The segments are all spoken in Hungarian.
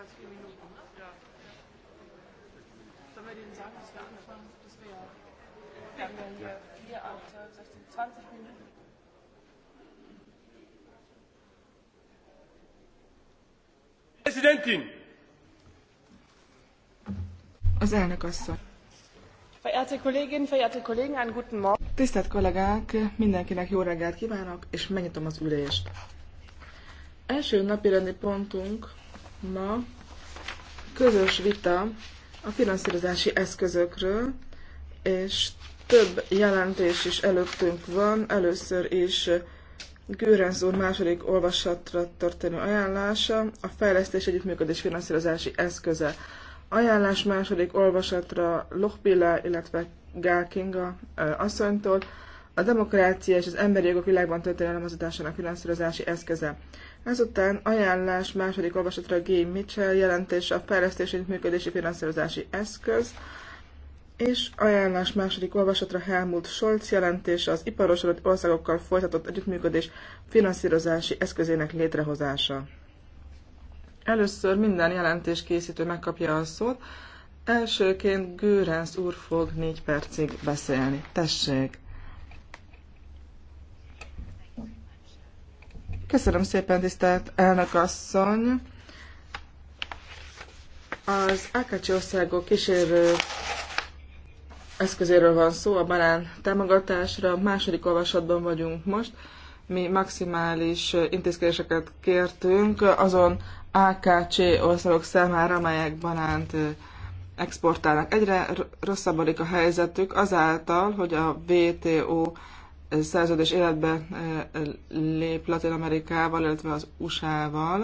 Minuten. Ja. Sollen wir denen sagen, dass wir anfangen? Das wäre ja. Wir haben hier 4, 8, 12, 16, 20 Minuten. Präsidentin! Az elnök asszony. Verehrte Kolleginnen, verehrte Kollegen, einen guten Morgen. Tisztelt kollégák, mindenkinek jó reggelt kívánok, és megnyitom az ülést. Első napirendi pontunk ma közös vita a finanszírozási eszközökről, és több jelentés is előttünk van. Először is Gőrenz úr második olvasatra történő ajánlása, a fejlesztés együttműködés finanszírozási eszköze. Ajánlás második olvasatra Lochbiller, illetve Gál Kinga asszonytól, a demokrácia és az emberi jogok világban történő hozzátásának finanszírozási eszköze. Ezután ajánlás második olvasatra Game Mitchell jelentése a fejlesztési működési finanszírozási eszköz, és ajánlás második olvasatra Helmut Scholz jelentése az iparosodott országokkal folytatott együttműködés finanszírozási eszközének létrehozása. Először minden jelentés készítő megkapja a szót, Elsőként Gőrenc úr fog négy percig beszélni. Tessék! Köszönöm szépen, tisztelt elnök asszony! Az Ákácsi országok kísérő eszközéről van szó, a banán támogatásra. Második olvasatban vagyunk most. Mi maximális intézkedéseket kértünk azon AKC országok számára, amelyek banánt eh, exportálnak. Egyre rosszabbodik a helyzetük azáltal, hogy a WTO szerződés életbe e, lép Latin Amerikával, illetve az USA-val.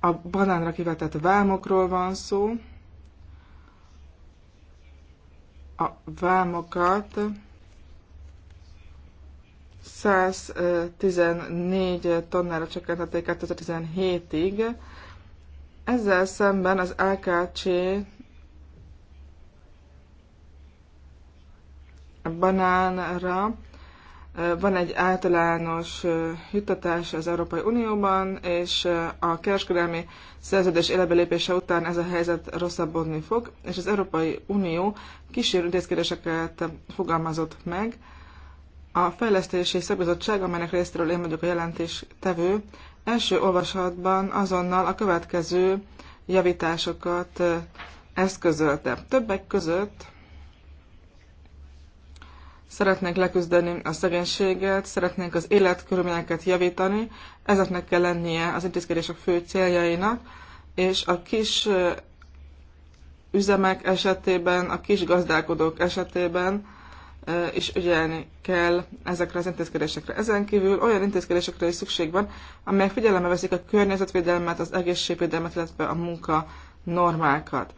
A banánra kivetett vámokról van szó. A vámokat 114 tonnára csökkentették 2017-ig. Ezzel szemben az AKC banánra van egy általános juttatás az Európai Unióban, és a kereskedelmi szerződés élebelépése után ez a helyzet rosszabbodni fog, és az Európai Unió kísérő intézkedéseket fogalmazott meg. A Fejlesztési Szakbizottság, amelynek részéről én vagyok a jelentés tevő, első olvasatban azonnal a következő javításokat eszközölte. Többek között szeretnénk leküzdeni a szegénységet, szeretnénk az életkörülményeket javítani, ezeknek kell lennie az intézkedések fő céljainak, és a kis üzemek esetében, a kis gazdálkodók esetében is ügyelni kell ezekre az intézkedésekre. Ezen kívül olyan intézkedésekre is szükség van, amelyek figyelembe veszik a környezetvédelmet, az egészségvédelmet, illetve a munka normákat.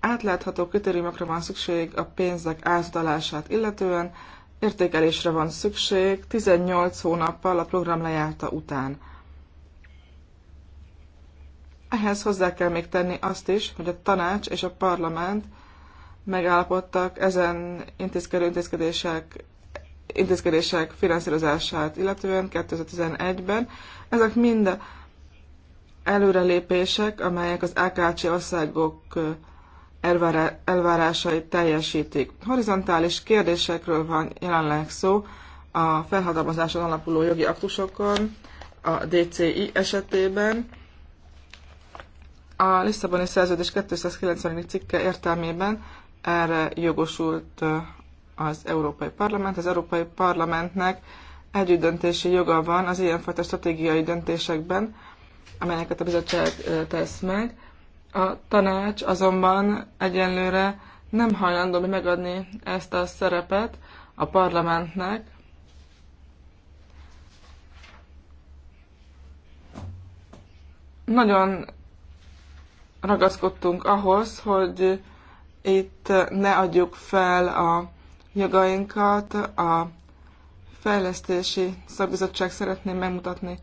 Átlátható kritériumokra van szükség a pénzek átutalását illetően, értékelésre van szükség 18 hónappal a program lejárta után. Ehhez hozzá kell még tenni azt is, hogy a tanács és a parlament megállapodtak ezen intézkedő intézkedések, intézkedések finanszírozását, illetően 2011-ben. Ezek mind előrelépések, amelyek az AKC országok elvárásait teljesítik. Horizontális kérdésekről van jelenleg szó a felhatalmazáson alapuló jogi aktusokon, a DCI esetében. A Lisszaboni Szerződés 290. cikke értelmében erre jogosult az Európai Parlament. Az Európai Parlamentnek együttdöntési joga van az ilyenfajta stratégiai döntésekben, amelyeket a bizottság tesz meg a tanács azonban egyenlőre nem hajlandó megadni ezt a szerepet a parlamentnek, nagyon ragaszkodtunk ahhoz, hogy itt ne adjuk fel a jogainkat. A fejlesztési szakbizottság szeretném megmutatni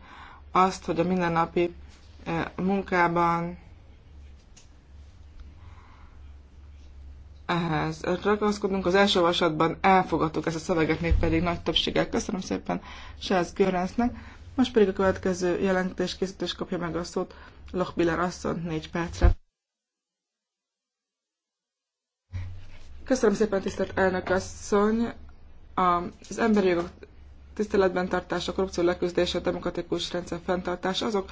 azt, hogy a mindennapi eh, munkában ehhez ragaszkodunk. Az első olvasatban elfogadtuk ezt a szöveget, még pedig nagy többséggel. Köszönöm szépen Sáz Görensznek. Most pedig a következő jelentés készítés kapja meg a szót Biller asszony négy percre. Köszönöm szépen, tisztelt elnök asszony! Az emberi jogok tiszteletben tartása, korrupció leküzdése, a demokratikus rendszer fenntartása azok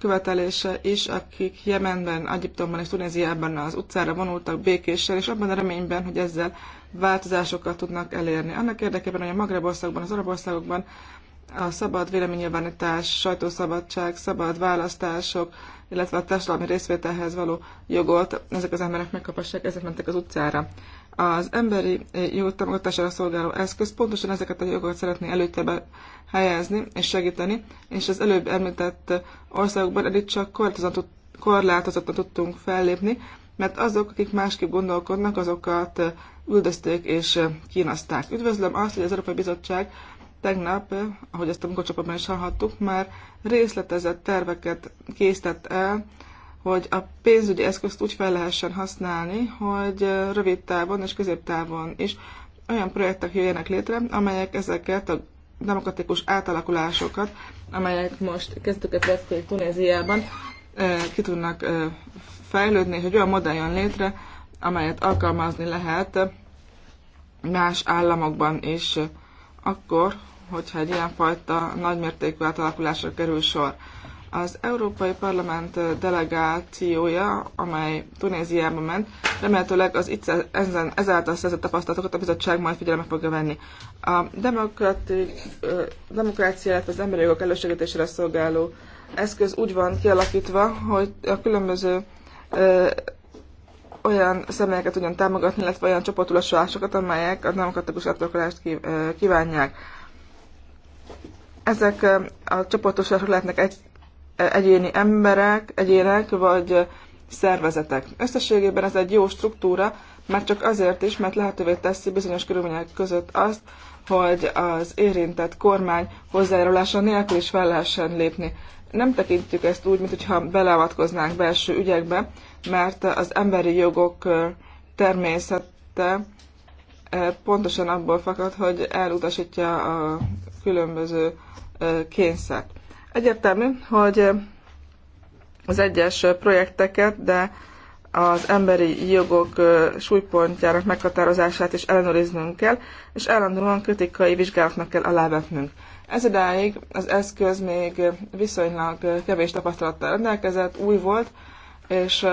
követelése is, akik Jemenben, Egyiptomban és Tunéziában az utcára vonultak békéssel, és abban a reményben, hogy ezzel változásokat tudnak elérni. Annak érdekében, hogy a Magreb országban, az arab országokban a szabad véleménynyilvánítás, sajtószabadság, szabad választások, illetve a társadalmi részvételhez való jogot ezek az emberek megkapassák, ezek mentek az utcára. Az emberi eh, jó támogatására szolgáló eszköz pontosan ezeket a jogokat szeretné előtérbe helyezni és segíteni, és az előbb említett országokban eddig csak korlátozottan, korlátozottan tudtunk fellépni, mert azok, akik másképp gondolkodnak, azokat eh, üldözték és eh, kínozták. Üdvözlöm azt, hogy az Európai Bizottság tegnap, ahogy ezt a munkacsapatban is hallhattuk, már részletezett terveket készített el hogy a pénzügyi eszközt úgy fel lehessen használni, hogy rövid távon és középtávon is olyan projektek jöjjenek létre, amelyek ezeket a demokratikus átalakulásokat, amelyek most kezdőket vették Tunéziában, ki tudnak fejlődni, hogy olyan modell jön létre, amelyet alkalmazni lehet más államokban is akkor, hogyha egy ilyenfajta nagymértékű átalakulásra kerül sor. Az Európai Parlament delegációja, amely Tunéziába ment, remélhetőleg az itt ezen, ezáltal szerzett tapasztalatokat a bizottság majd figyelembe fogja venni. A demokráciát az emberi jogok elősegítésére szolgáló eszköz úgy van kialakítva, hogy a különböző ö, olyan személyeket tudjon támogatni, illetve olyan csoportulásokat, amelyek a demokratikus átalakulást kívánják. Ezek a csoportosulások lehetnek egy, egyéni emberek, egyének vagy szervezetek. Összességében ez egy jó struktúra, mert csak azért is, mert lehetővé teszi bizonyos körülmények között azt, hogy az érintett kormány hozzájárulása nélkül is fel lehessen lépni. Nem tekintjük ezt úgy, mintha beleavatkoznánk belső ügyekbe, mert az emberi jogok természete pontosan abból fakad, hogy elutasítja a különböző kényszert. Egyértelmű, hogy az egyes projekteket, de az emberi jogok súlypontjának meghatározását is ellenőriznünk kell, és állandóan kritikai vizsgálatnak kell alávetnünk. Ez idáig az eszköz még viszonylag kevés tapasztalattal rendelkezett, új volt, és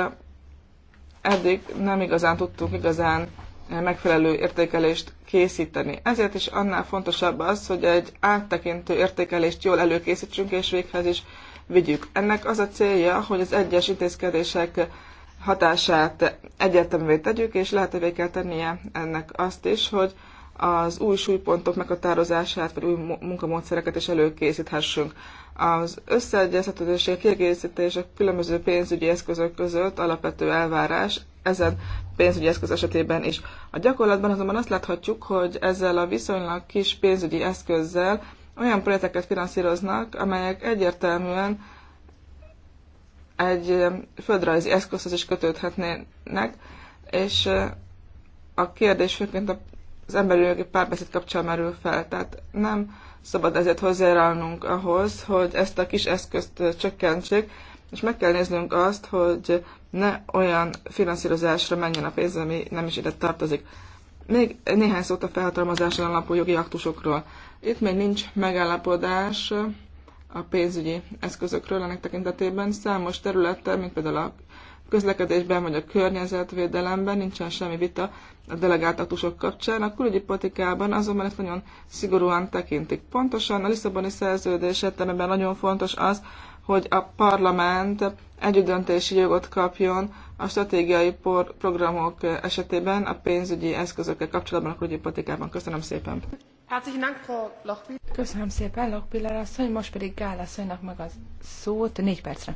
eddig nem igazán tudtunk igazán megfelelő értékelést készíteni. Ezért is annál fontosabb az, hogy egy áttekintő értékelést jól előkészítsünk és véghez is vigyük. Ennek az a célja, hogy az egyes intézkedések hatását egyértelművé tegyük, és lehetővé kell tennie ennek azt is, hogy az új súlypontok meghatározását, vagy új munkamódszereket is előkészíthessünk. Az összeegyeztethetőség kiegészítés a különböző pénzügyi eszközök között alapvető elvárás, ezen pénzügyi eszköz esetében is. A gyakorlatban azonban azt láthatjuk, hogy ezzel a viszonylag kis pénzügyi eszközzel olyan projekteket finanszíroznak, amelyek egyértelműen egy földrajzi eszközhöz is kötődhetnének, és eh, a kérdés főként az emberi jogi párbeszéd kapcsán merül fel. Tehát nem szabad ezért hozzájárulnunk ahhoz, hogy ezt a kis eszközt csökkentsék, és meg kell néznünk azt, hogy ne olyan finanszírozásra menjen a pénz, ami nem is ide tartozik. Még néhány szót a felhatalmazáson alapú jogi aktusokról. Itt még nincs megállapodás a pénzügyi eszközökről ennek tekintetében. Számos területen, mint például a közlekedésben vagy a környezetvédelemben nincsen semmi vita a delegáltatusok kapcsán. A külügyi politikában azonban ezt nagyon szigorúan tekintik. Pontosan a Lisszaboni szerződés értelemben nagyon fontos az, hogy a parlament együttdöntési jogot kapjon a stratégiai por- programok esetében a pénzügyi eszközökkel kapcsolatban a külügyi politikában. Köszönöm szépen! Köszönöm szépen, Lokpiller asszony, most pedig Gál asszonynak meg a szót négy percre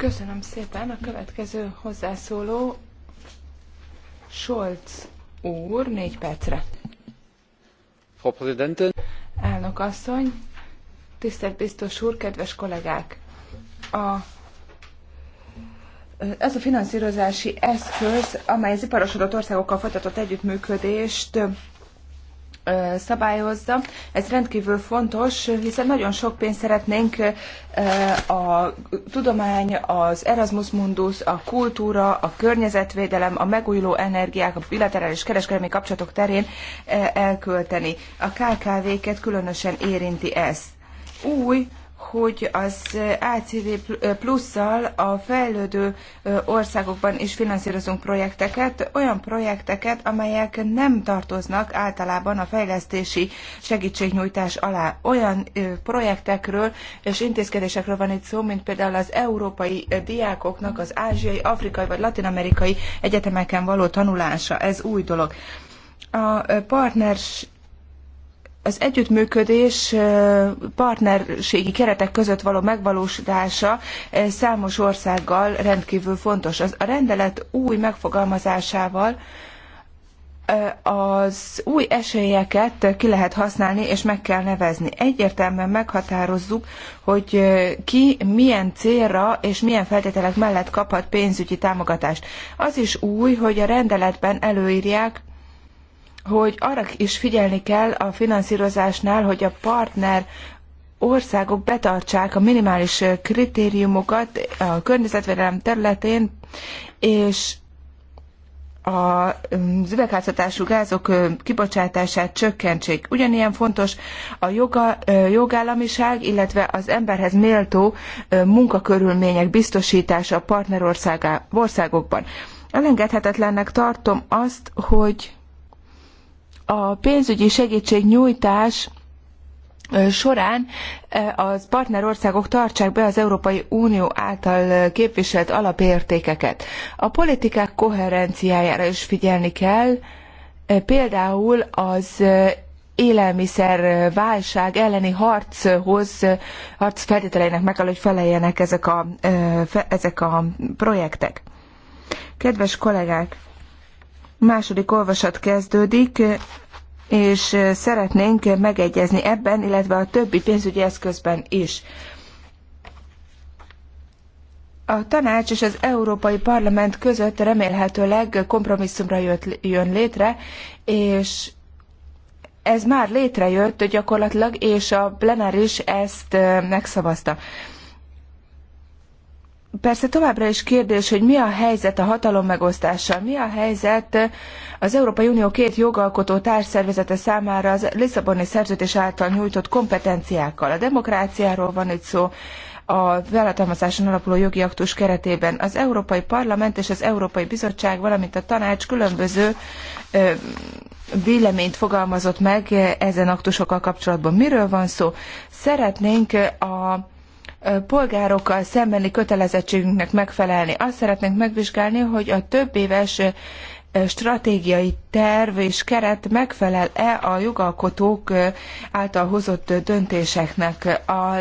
Köszönöm szépen. A következő hozzászóló Scholz úr, négy percre. Frau Präsidentin. Elnök asszony, tisztelt biztos úr, kedves kollégák! A ez a finanszírozási eszköz, amely az iparosodott országokkal folytatott együttműködést szabályozza. Ez rendkívül fontos, hiszen nagyon sok pénzt szeretnénk a tudomány, az Erasmus Mundus, a kultúra, a környezetvédelem, a megújuló energiák, a bilaterális kereskedelmi kapcsolatok terén elkölteni. A KKV-ket különösen érinti ez. Új hogy az ACV plusszal a fejlődő országokban is finanszírozunk projekteket, olyan projekteket, amelyek nem tartoznak általában a fejlesztési segítségnyújtás alá. Olyan projektekről és intézkedésekről van itt szó, mint például az európai diákoknak az ázsiai, afrikai vagy latinamerikai egyetemeken való tanulása. Ez új dolog. A partners az együttműködés partnerségi keretek között való megvalósítása számos országgal rendkívül fontos. Az, a rendelet új megfogalmazásával az új esélyeket ki lehet használni, és meg kell nevezni. Egyértelműen meghatározzuk, hogy ki milyen célra és milyen feltételek mellett kaphat pénzügyi támogatást. Az is új, hogy a rendeletben előírják, hogy arra is figyelni kell a finanszírozásnál, hogy a partner országok betartsák a minimális kritériumokat a környezetvédelem területén, és az üvegházhatású gázok kibocsátását csökkentsék. Ugyanilyen fontos a joga, jogállamiság, illetve az emberhez méltó munkakörülmények biztosítása a partnerországokban. Elengedhetetlennek tartom azt, hogy a pénzügyi segítségnyújtás során az partnerországok tartsák be az Európai Unió által képviselt alapértékeket. A politikák koherenciájára is figyelni kell, például az élelmiszer válság elleni harchoz, harc feltételeinek meg kell, hogy feleljenek ezek a, ezek a projektek. Kedves kollégák, második olvasat kezdődik, és szeretnénk megegyezni ebben, illetve a többi pénzügyi eszközben is. A tanács és az Európai Parlament között remélhetőleg kompromisszumra jött, jön létre, és ez már létrejött gyakorlatilag, és a plenáris ezt megszavazta. Persze továbbra is kérdés, hogy mi a helyzet a hatalom megosztással, mi a helyzet az Európai Unió két jogalkotó társszervezete számára az Lisszaboni szerződés által nyújtott kompetenciákkal. A demokráciáról van itt szó, a felhatalmazáson alapuló jogi aktus keretében az Európai Parlament és az Európai Bizottság, valamint a tanács különböző véleményt fogalmazott meg ezen aktusokkal kapcsolatban. Miről van szó? Szeretnénk a polgárokkal szembeni kötelezettségünknek megfelelni. Azt szeretnénk megvizsgálni, hogy a több éves stratégiai terv és keret megfelel-e a jogalkotók által hozott döntéseknek. A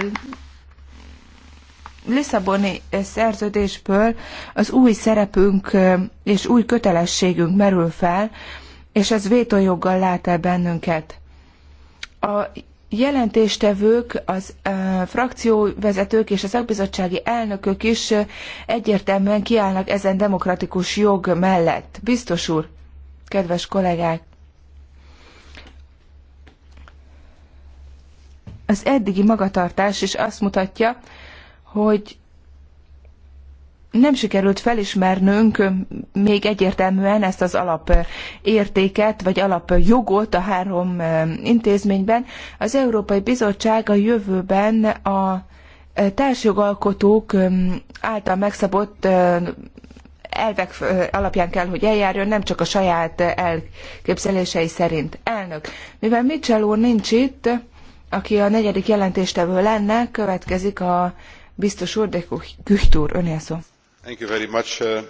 Lisszaboni szerződésből az új szerepünk és új kötelességünk merül fel, és ez vétójoggal lát el bennünket. A jelentéstevők, az frakcióvezetők és a szakbizottsági elnökök is egyértelműen kiállnak ezen demokratikus jog mellett. Biztos úr, kedves kollégák! Az eddigi magatartás is azt mutatja, hogy nem sikerült felismernünk még egyértelműen ezt az alapértéket, vagy alapjogot a három intézményben. Az Európai Bizottság a jövőben a társjogalkotók által megszabott elvek alapján kell, hogy eljárjon, nem csak a saját elképzelései szerint. Elnök, mivel Mitchell úr nincs itt, aki a negyedik jelentéstevő lenne, következik a biztos úr, de Kühtúr, önél szó. Uh,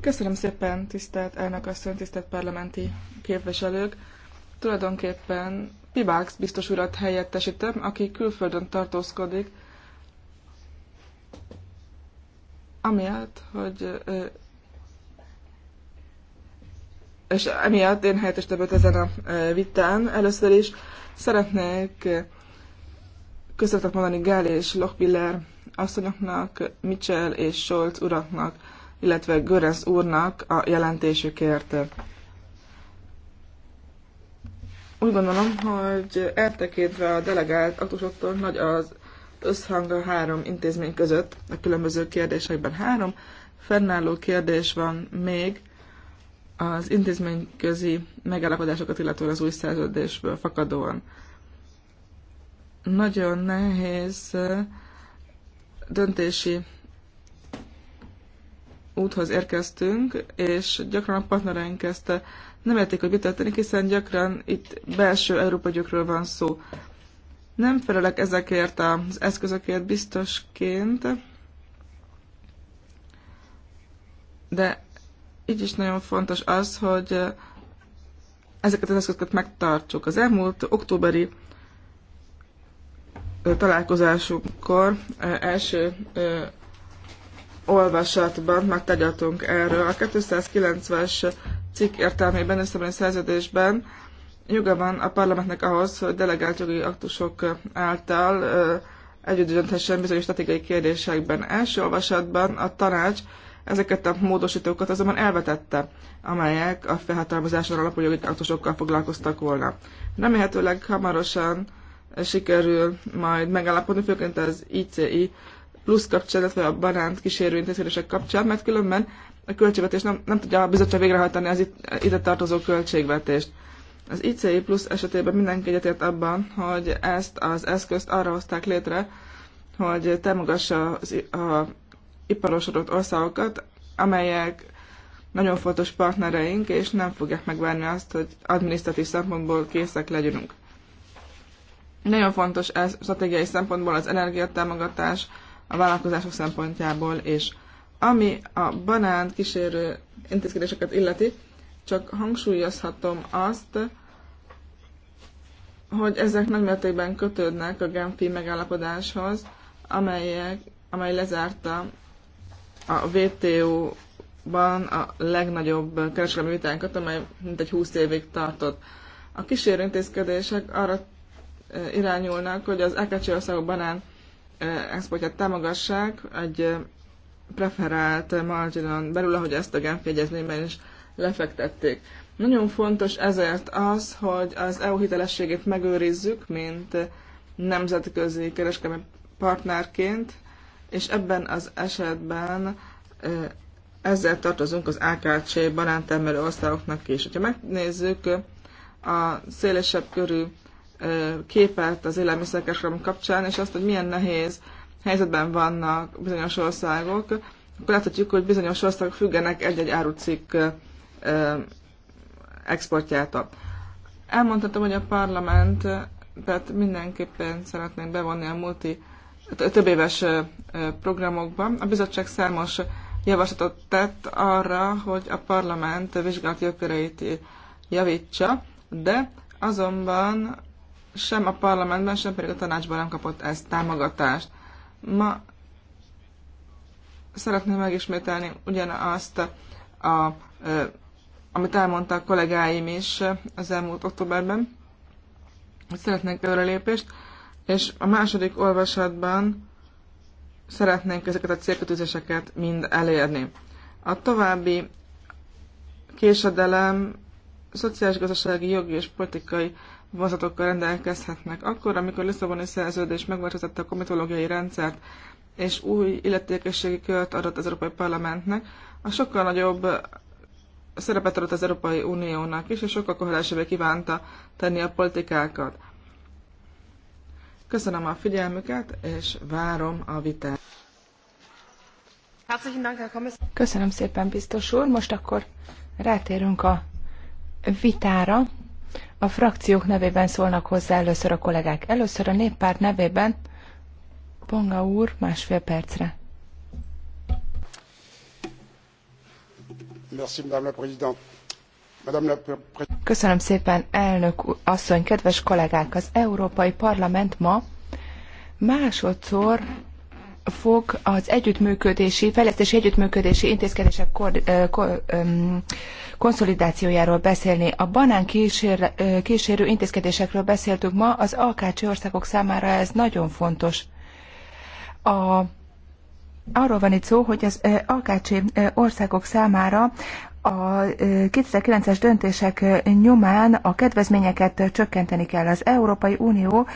Köszönöm szépen, tisztelt elnök asszony, tisztelt parlamenti képviselők. Tulajdonképpen Pibax biztos urat helyettesítem, aki külföldön tartózkodik, amiatt, hogy és emiatt én helyettesítem ezen a vitán. Először is szeretnék köszönetet mondani Gál és Lochbiller asszonyoknak, Mitchell és Scholz uraknak, illetve Görens úrnak a jelentésükért. Úgy gondolom, hogy eltekintve a delegált aktusoktól nagy az összhang a három intézmény között a különböző kérdésekben. Három fennálló kérdés van még az intézményközi megállapodásokat, illetően az új szerződésből fakadóan. Nagyon nehéz döntési úthoz érkeztünk, és gyakran a partnereink ezt nem értik, hogy mi történik, hiszen gyakran itt belső európai gyökről van szó. Nem felelek ezekért az eszközökért biztosként, de így is nagyon fontos az, hogy ezeket az eszközöket megtartsuk. Az elmúlt októberi találkozásunkkor első olvasatban megtegyeltünk erről. A 290-es cikk értelmében, összebeni szerződésben joga van a parlamentnek ahhoz, hogy delegált jogi aktusok által együtt dönthessen bizonyos stratégiai kérdésekben. Első olvasatban a tanács ezeket a módosítókat azonban elvetette, amelyek a felhatalmazáson alapú jogi aktusokkal foglalkoztak volna. Remélhetőleg hamarosan sikerül majd megállapodni, főként az ICI plusz kapcsán, illetve a banánt kísérő intézkedések kapcsán, mert különben a költségvetés nem, nem tudja a bizottság végrehajtani az itt, ide tartozó költségvetést. Az ICI plusz esetében mindenki egyetért abban, hogy ezt az eszközt arra hozták létre, hogy támogassa az a iparosodott országokat, amelyek nagyon fontos partnereink, és nem fogják megvárni azt, hogy adminisztratív szempontból készek legyünk. Nagyon fontos ez stratégiai szempontból az energiatámogatás a vállalkozások szempontjából, és ami a banánt kísérő intézkedéseket illeti, csak hangsúlyozhatom azt, hogy ezek nagymértékben kötődnek a Genfi megállapodáshoz, amelyek, amely lezárta a WTO-ban a legnagyobb kereskedelmi vitánkat, amely mintegy 20 évig tartott. A kísérő intézkedések arra irányulnak, hogy az AKC országok banán exportját támogassák egy preferált marginon belül, ahogy ezt a Genfi egyezményben is lefektették. Nagyon fontos ezért az, hogy az EU hitelességét megőrizzük, mint nemzetközi kereskedelmi partnerként, és ebben az esetben ezzel tartozunk az AKC banántermelő országoknak is. Ha megnézzük a szélesebb körű képet az élelmiszerkereskedelem kapcsán, és azt, hogy milyen nehéz helyzetben vannak bizonyos országok, akkor láthatjuk, hogy bizonyos országok függenek egy-egy árucikk exportjától. Elmondhatom, hogy a parlament tehát mindenképpen szeretnénk bevonni a multi több éves programokban. A bizottság számos javaslatot tett arra, hogy a parlament vizsgálati jogköreit javítsa, de azonban sem a parlamentben, sem pedig a tanácsban nem kapott ezt támogatást. Ma szeretném megismételni ugyanazt, a, a, amit elmondtak kollégáim is az elmúlt októberben, hogy szeretnénk előrelépést, és a második olvasatban szeretnénk ezeket a célkötőzéseket mind elérni. A további késedelem szociális, gazdasági, jogi és politikai vonzatokkal rendelkezhetnek. Akkor, amikor Lisszaboni szerződés megváltoztatta a komitológiai rendszert, és új illetékességi költ adott az Európai Parlamentnek, a sokkal nagyobb szerepet adott az Európai Uniónak is, és sokkal koherensebbé kívánta tenni a politikákat. Köszönöm a figyelmüket, és várom a vitát. Köszönöm szépen, biztos úr. Most akkor rátérünk a vitára. A frakciók nevében szólnak hozzá először a kollégák. Először a néppárt nevében Ponga úr másfél percre. Köszönöm szépen, elnök asszony, kedves kollégák! Az Európai Parlament ma másodszor fog az együttműködési, fejlesztési együttműködési intézkedések kor, kor, konszolidációjáról beszélni. A banán kísér, kísérő intézkedésekről beszéltünk ma, az AKC országok számára ez nagyon fontos. A, arról van itt szó, hogy az AKC országok számára a 2009-es döntések nyomán a kedvezményeket csökkenteni kell. Az Európai Unió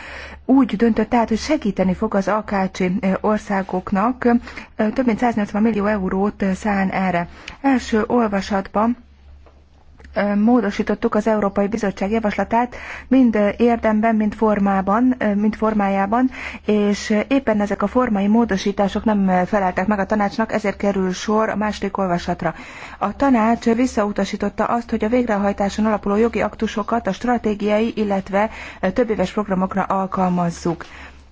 úgy döntött tehát, hogy segíteni fog az akácsi országoknak, több mint 180 millió eurót szán erre. Első olvasatban módosítottuk az Európai Bizottság javaslatát, mind érdemben, mind formában, mind formájában, és éppen ezek a formai módosítások nem feleltek meg a tanácsnak, ezért kerül sor a második olvasatra. A tanács visszautasította azt, hogy a végrehajtáson alapuló jogi aktusokat a stratégiai, illetve többéves programokra alkalmazzuk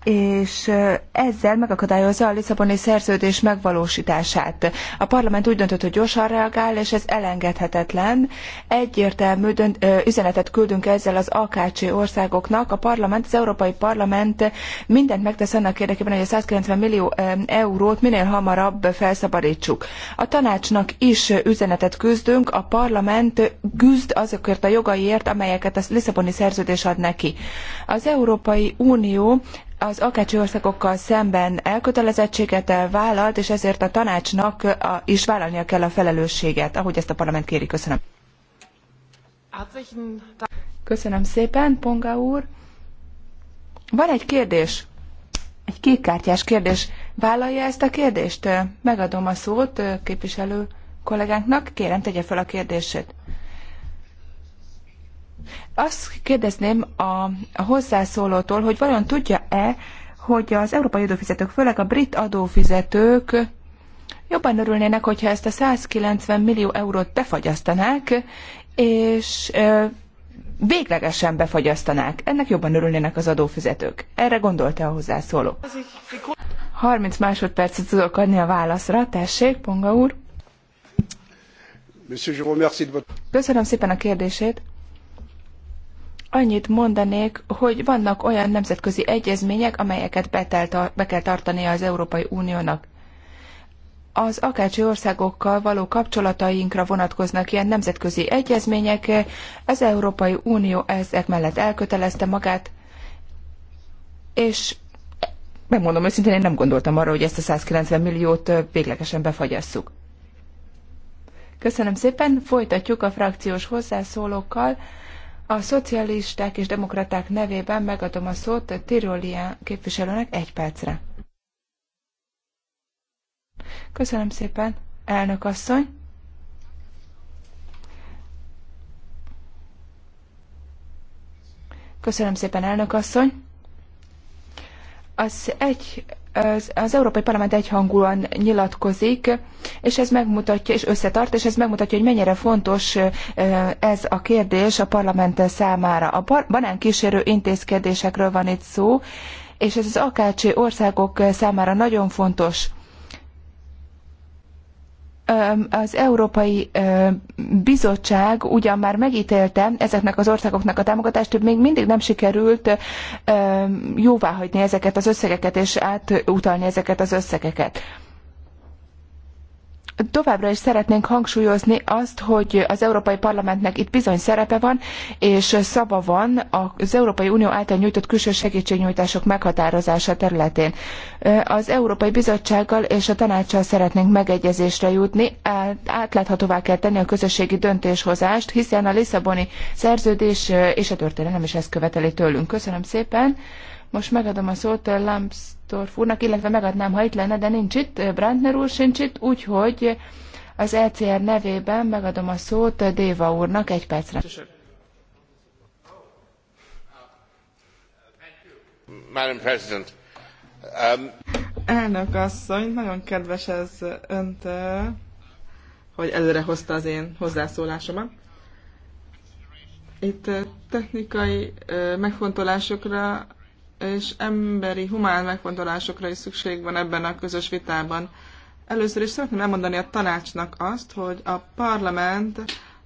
és ezzel megakadályozza a Lisszaboni szerződés megvalósítását. A parlament úgy döntött, hogy gyorsan reagál, és ez elengedhetetlen. Egyértelmű dönt, üzenetet küldünk ezzel az AKC országoknak. A parlament, az Európai Parlament mindent megtesz annak érdekében, hogy a 190 millió eurót minél hamarabb felszabadítsuk. A tanácsnak is üzenetet küzdünk, a parlament küzd azokért a jogaiért, amelyeket a Lisszaboni szerződés ad neki. Az Európai Unió az akácsi országokkal szemben elkötelezettséget vállalt, és ezért a tanácsnak is vállalnia kell a felelősséget, ahogy ezt a parlament kéri. Köszönöm. Köszönöm szépen, Ponga úr. Van egy kérdés, egy kékkártyás kérdés. Vállalja ezt a kérdést? Megadom a szót képviselő kollégánknak. Kérem, tegye fel a kérdését. Azt kérdezném a hozzászólótól, hogy vajon tudja-e, hogy az európai adófizetők, főleg a brit adófizetők jobban örülnének, hogyha ezt a 190 millió eurót befagyasztanák, és véglegesen befagyasztanák. Ennek jobban örülnének az adófizetők. Erre gondolta a hozzászóló. 30 másodpercet tudok adni a válaszra. Tessék, Ponga úr. Köszönöm szépen a kérdését. Annyit mondanék, hogy vannak olyan nemzetközi egyezmények, amelyeket be kell tartania az Európai Uniónak. Az akácsi országokkal való kapcsolatainkra vonatkoznak ilyen nemzetközi egyezmények. Az Európai Unió ezek mellett elkötelezte magát, és megmondom őszintén, én nem gondoltam arra, hogy ezt a 190 milliót véglegesen befagyasszuk. Köszönöm szépen, folytatjuk a frakciós hozzászólókkal. A szocialisták és demokraták nevében megadom a szót Tirolien képviselőnek egy percre. Köszönöm szépen, elnök asszony. Köszönöm szépen, elnök asszony. Az egy az, az Európai Parlament egyhangúan nyilatkozik, és ez megmutatja, és összetart, és ez megmutatja, hogy mennyire fontos ez a kérdés a parlament számára. A banánkísérő intézkedésekről van itt szó, és ez az akácsi országok számára nagyon fontos az Európai Bizottság ugyan már megítélte ezeknek az országoknak a támogatást, még mindig nem sikerült jóváhagyni ezeket az összegeket és átutalni ezeket az összegeket. Továbbra is szeretnénk hangsúlyozni azt, hogy az Európai Parlamentnek itt bizony szerepe van, és szava van az Európai Unió által nyújtott külső segítségnyújtások meghatározása területén. Az Európai Bizottsággal és a tanácssal szeretnénk megegyezésre jutni, átláthatóvá kell tenni a közösségi döntéshozást, hiszen a Lisszaboni szerződés és a történelem is ezt követeli tőlünk. Köszönöm szépen. Most megadom a szót Lamps Lambsdorff úrnak, illetve megadnám, ha itt lenne, de nincs itt, Brandner úr sincs itt, úgyhogy az ECR nevében megadom a szót Déva úrnak egy percre. Madam President. Um... Elnök asszony, nagyon kedves ez önt, hogy előre hozta az én hozzászólásomat. Itt technikai megfontolásokra és emberi, humán megfontolásokra is szükség van ebben a közös vitában. Először is szeretném elmondani a tanácsnak azt, hogy a parlament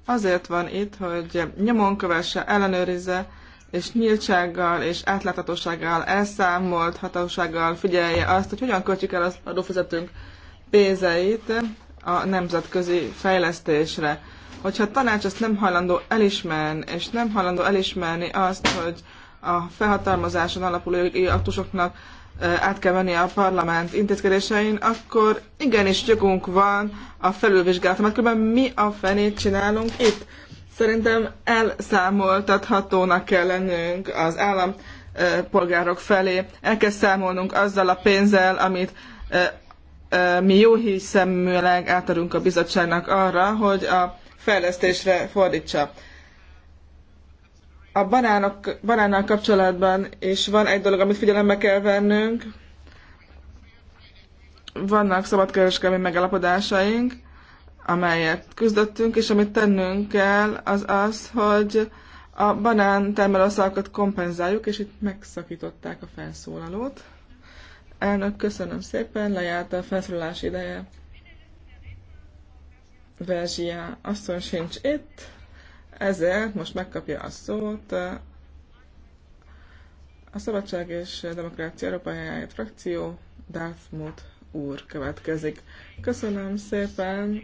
azért van itt, hogy nyomon kövesse, ellenőrizze, és nyíltsággal és átláthatósággal, elszámolt hatósággal figyelje azt, hogy hogyan költjük el az adófizetőnk pénzeit a nemzetközi fejlesztésre. Hogyha a tanács ezt nem hajlandó elismerni, és nem hajlandó elismerni azt, hogy a felhatalmazáson alapuló jogi aktusoknak át kell venni a parlament intézkedésein, akkor igenis jogunk van a felülvizsgálatra, mert különben mi a fenét csinálunk itt. Szerintem elszámoltathatónak kell lennünk az állampolgárok felé, el kell számolnunk azzal a pénzzel, amit mi jó hiszeműleg átadunk a bizottságnak arra, hogy a fejlesztésre fordítsa a banánok, banánnal kapcsolatban is van egy dolog, amit figyelembe kell vennünk. Vannak szabadkereskedelmi megállapodásaink, amelyet küzdöttünk, és amit tennünk kell, az az, hogy a banán termelőszalakat kompenzáljuk, és itt megszakították a felszólalót. Elnök, köszönöm szépen, lejárt a felszólalás ideje. Verzsia asszony sincs itt. Ezért most megkapja a szót a Szabadság és Demokrácia Európájáért frakció Dartmouth úr következik. Köszönöm szépen!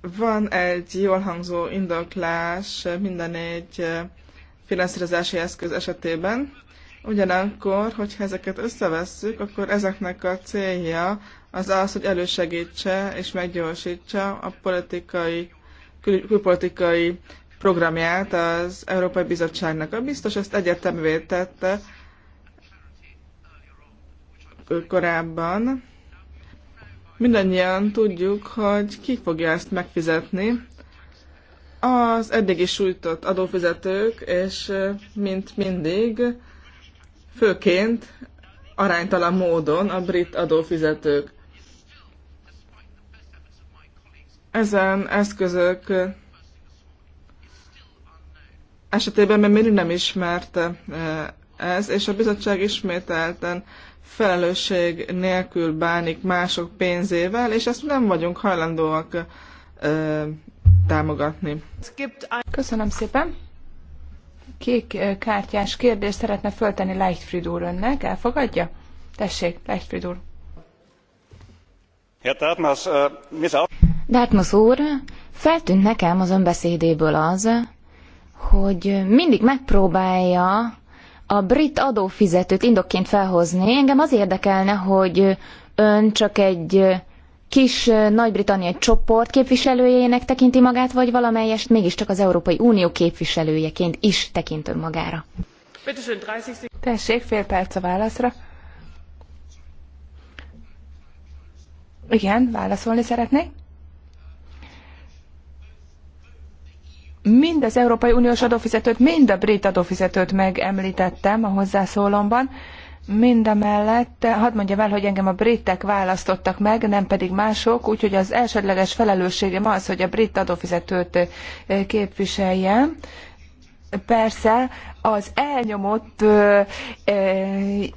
Van egy jól hangzó indoklás minden egy finanszírozási eszköz esetében. Ugyanakkor, hogyha ezeket összevesszük, akkor ezeknek a célja az az, hogy elősegítse és meggyorsítsa a politikai kül- külpolitikai programját az Európai Bizottságnak. A biztos ezt egyetemvé tette korábban. Mindannyian tudjuk, hogy ki fogja ezt megfizetni. Az eddigi sújtott adófizetők, és mint mindig, főként aránytalan módon a brit adófizetők. Ezen eszközök esetében még mindig nem ismerte eh, ez, és a bizottság ismételten felelősség nélkül bánik mások pénzével, és ezt nem vagyunk hajlandóak ö, eh, támogatni. Köszönöm szépen. Kék eh, kártyás kérdés szeretne föltenni Leichtfried úr önnek. Elfogadja? Tessék, Leichtfried úr. Dartmouth úr, feltűnt nekem az önbeszédéből az, hogy mindig megpróbálja a brit adófizetőt indokként felhozni. Engem az érdekelne, hogy ön csak egy kis nagy-britanniai csoport képviselőjének tekinti magát, vagy valamelyest mégiscsak az Európai Unió képviselőjeként is tekint ön magára. Tessék, fél perc a válaszra. Igen, válaszolni szeretnék. mind az Európai Uniós adófizetőt, mind a brit adófizetőt megemlítettem a hozzászólomban. mellett, hadd mondja el, hogy engem a britek választottak meg, nem pedig mások, úgyhogy az elsődleges felelősségem az, hogy a brit adófizetőt eh, képviseljem. Persze az elnyomott ö, eh, ö, eh,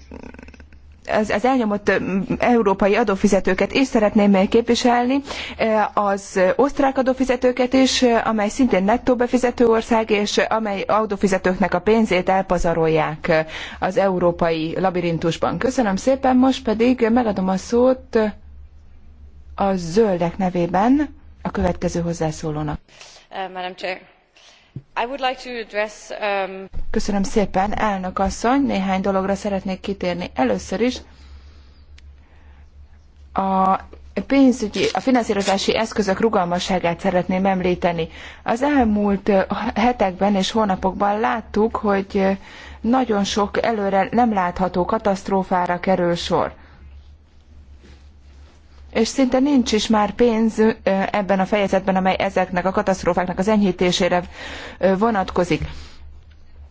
az, az elnyomott európai adófizetőket is szeretném képviselni, az osztrák adófizetőket is, amely szintén nettó befizető ország, és amely adófizetőknek a pénzét elpazarolják az európai labirintusban. Köszönöm szépen, most pedig megadom a szót a zöldek nevében a következő hozzászólónak. Uh, Madam Chair. Um, Köszönöm szépen, elnök asszony. Néhány dologra szeretnék kitérni. Először is a pénzügyi, a finanszírozási eszközök rugalmasságát szeretném emlteni Az elmúlt hetekben és hónapokban láttuk, hogy nagyon sok előre nem látható katasztrófára kerül sor és szinte nincs is már pénz ebben a fejezetben, amely ezeknek a katasztrófáknak az enyhítésére vonatkozik.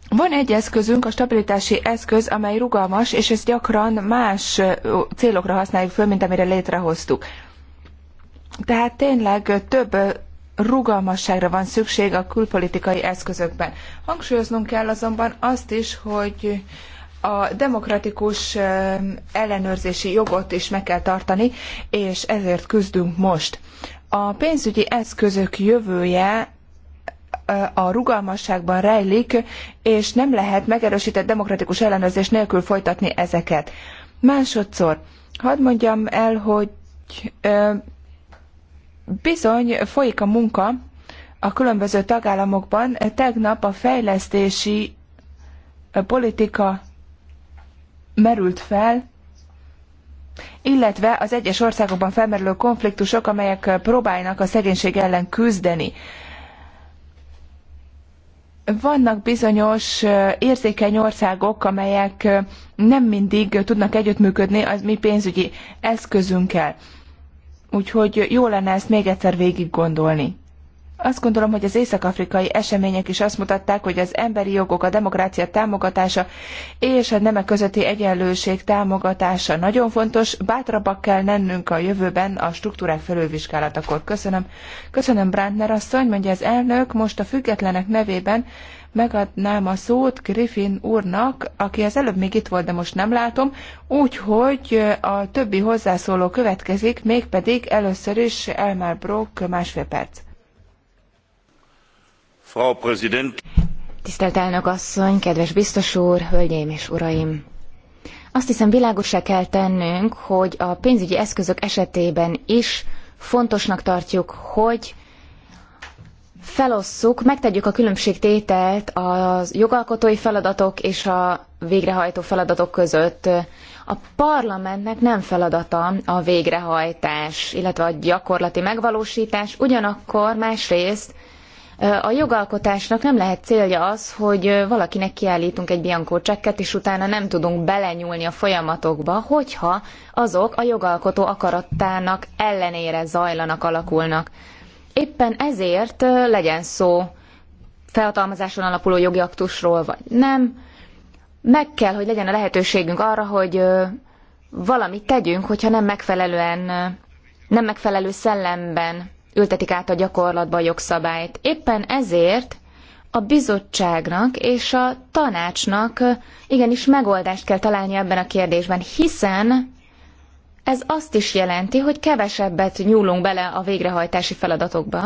Van egy eszközünk, a stabilitási eszköz, amely rugalmas, és ezt gyakran más célokra használjuk föl, mint amire létrehoztuk. Tehát tényleg több rugalmasságra van szükség a külpolitikai eszközökben. Hangsúlyoznunk kell azonban azt is, hogy a demokratikus ellenőrzési jogot is meg kell tartani, és ezért küzdünk most. A pénzügyi eszközök jövője a rugalmasságban rejlik, és nem lehet megerősített demokratikus ellenőrzés nélkül folytatni ezeket. Másodszor, hadd mondjam el, hogy bizony folyik a munka a különböző tagállamokban. Tegnap a fejlesztési politika merült fel, illetve az egyes országokban felmerülő konfliktusok, amelyek próbálnak a szegénység ellen küzdeni. Vannak bizonyos érzékeny országok, amelyek nem mindig tudnak együttműködni az mi pénzügyi eszközünkkel. Úgyhogy jó lenne ezt még egyszer végig gondolni. Azt gondolom, hogy az észak-afrikai események is azt mutatták, hogy az emberi jogok, a demokrácia támogatása és a nemek közötti egyenlőség támogatása nagyon fontos. Bátrabbak kell lennünk a jövőben a struktúrák felülvizsgálatakor. Köszönöm. Köszönöm, Brandner asszony, mondja az elnök. Most a függetlenek nevében megadnám a szót Griffin úrnak, aki az előbb még itt volt, de most nem látom, úgyhogy a többi hozzászóló következik, mégpedig először is Elmar Brock másfél perc. Frau Präsident! Tisztelt elnök asszony, kedves biztos úr, hölgyeim és uraim! Azt hiszem világosá kell tennünk, hogy a pénzügyi eszközök esetében is fontosnak tartjuk, hogy felosszuk, megtegyük a különbségtételt a jogalkotói feladatok és a végrehajtó feladatok között. A parlamentnek nem feladata a végrehajtás, illetve a gyakorlati megvalósítás, ugyanakkor másrészt a jogalkotásnak nem lehet célja az, hogy valakinek kiállítunk egy biankó csekket, és utána nem tudunk belenyúlni a folyamatokba, hogyha azok a jogalkotó akaratának ellenére zajlanak, alakulnak. Éppen ezért legyen szó felhatalmazáson alapuló jogi aktusról, vagy nem, meg kell, hogy legyen a lehetőségünk arra, hogy valamit tegyünk, hogyha nem megfelelően, nem megfelelő szellemben ültetik át a gyakorlatba a jogszabályt. Éppen ezért a bizottságnak és a tanácsnak igenis megoldást kell találni ebben a kérdésben, hiszen ez azt is jelenti, hogy kevesebbet nyúlunk bele a végrehajtási feladatokba,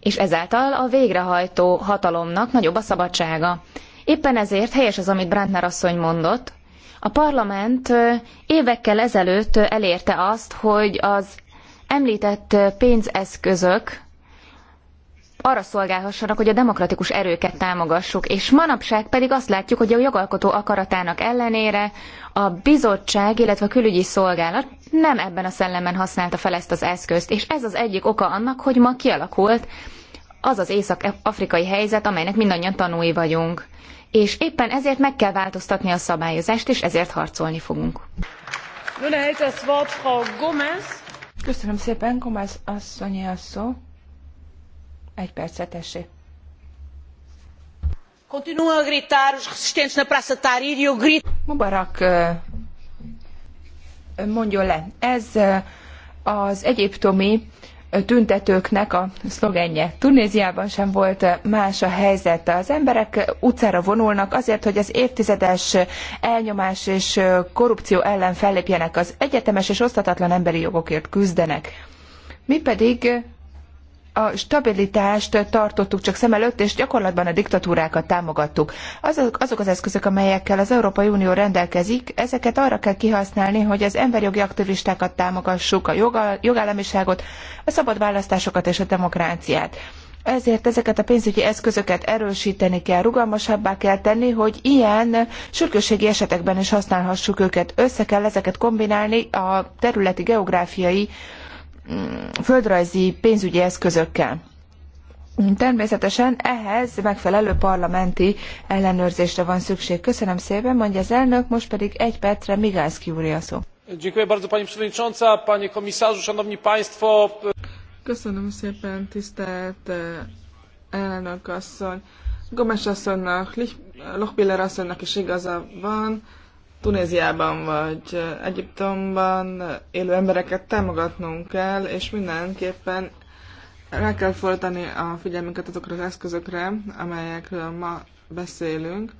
és ezáltal a végrehajtó hatalomnak nagyobb a szabadsága. Éppen ezért helyes az, amit Brandner asszony mondott. A parlament évekkel ezelőtt elérte azt, hogy az említett pénzeszközök arra szolgálhassanak, hogy a demokratikus erőket támogassuk, és manapság pedig azt látjuk, hogy a jogalkotó akaratának ellenére a bizottság, illetve a külügyi szolgálat nem ebben a szellemben használta fel ezt az eszközt, és ez az egyik oka annak, hogy ma kialakult az az észak-afrikai helyzet, amelynek mindannyian tanúi vagyunk. És éppen ezért meg kell változtatni a szabályozást, és ezért harcolni fogunk. Nun erhält das Wort Frau Gomez. Köszönöm szépen, Komász asszonyi a szó. Egy percet, tessék. Continuam a gritar os resistentes na Praça Tahrir e o grito. Mubarak mondjon le. Ez az egyiptomi tüntetőknek a szlogenje. Tunéziában sem volt más a helyzet. Az emberek utcára vonulnak azért, hogy az évtizedes elnyomás és korrupció ellen fellépjenek, az egyetemes és osztatatlan emberi jogokért küzdenek. Mi pedig a stabilitást tartottuk csak szem előtt, és gyakorlatban a diktatúrákat támogattuk. Azok, azok az eszközök, amelyekkel az Európai Unió rendelkezik, ezeket arra kell kihasználni, hogy az emberi jogi aktivistákat támogassuk, a jogállamiságot, a szabad választásokat és a demokráciát. Ezért ezeket a pénzügyi eszközöket erősíteni kell, rugalmasabbá kell tenni, hogy ilyen sürgősségi esetekben is használhassuk őket. Össze kell ezeket kombinálni a területi geográfiai Mm, földrajzi pénzügyi eszközökkel. Természetesen ehhez megfelelő parlamenti ellenőrzésre van szükség. Köszönöm szépen, mondja az elnök, most pedig egy percre Migászki úr a szó. Köszönöm szépen, tisztelt e, elnök asszony. Gomes asszonynak, Lochbiller asszonynak is igaza van Tunéziában vagy Egyiptomban élő embereket támogatnunk kell, és mindenképpen rá kell fordítani a figyelmünket azokra az eszközökre, amelyekről ma beszélünk,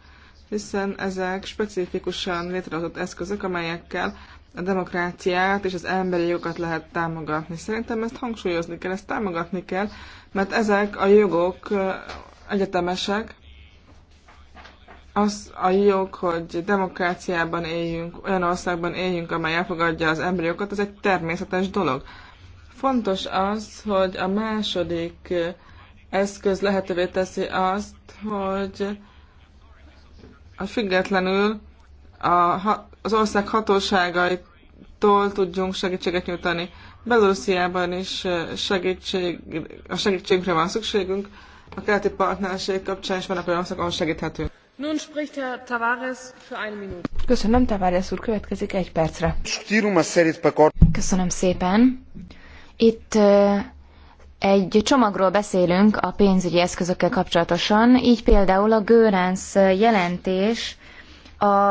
hiszen ezek specifikusan létrehozott eszközök, amelyekkel a demokráciát és az emberi jogokat lehet támogatni. Szerintem ezt hangsúlyozni kell, ezt támogatni kell, mert ezek a jogok egyetemesek, az a jog, hogy demokráciában éljünk, olyan országban éljünk, amely elfogadja az emberi jogot, az egy természetes dolog. Fontos az, hogy a második eszköz lehetővé teszi azt, hogy a függetlenül a, az ország hatóságaitól tudjunk segítséget nyújtani. Belorussziában is segítség, a segítségre van szükségünk, a keleti partnerség kapcsán is vannak olyan országok, ahol segíthetünk. Nun spricht Herr Tavares für eine Minute. Köszönöm, Tavares úr, következik egy percre. Köszönöm szépen. Itt egy csomagról beszélünk a pénzügyi eszközökkel kapcsolatosan, így például a Görens jelentés a